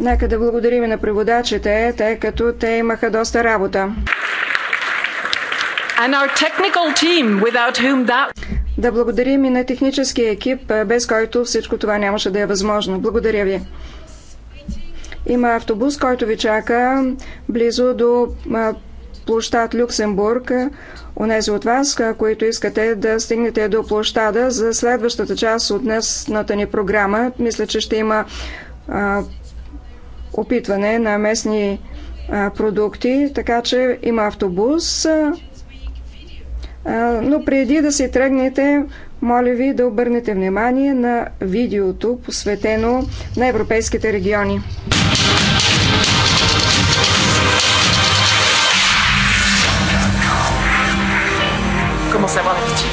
Нека да благодарим на преводачите, тъй като те имаха доста работа. And our technical team, without whom that... Да благодарим и на техническия екип, без който всичко това нямаше да е възможно. Благодаря ви. Има автобус, който ви чака близо до площад Люксембург. Унези от вас, които искате да стигнете до площада за следващата част от днесната ни програма, мисля, че ще има опитване на местни продукти, така че има автобус. Но преди да се тръгнете, моля ви да обърнете внимание на видеото, посветено на европейските региони. Comment savoir la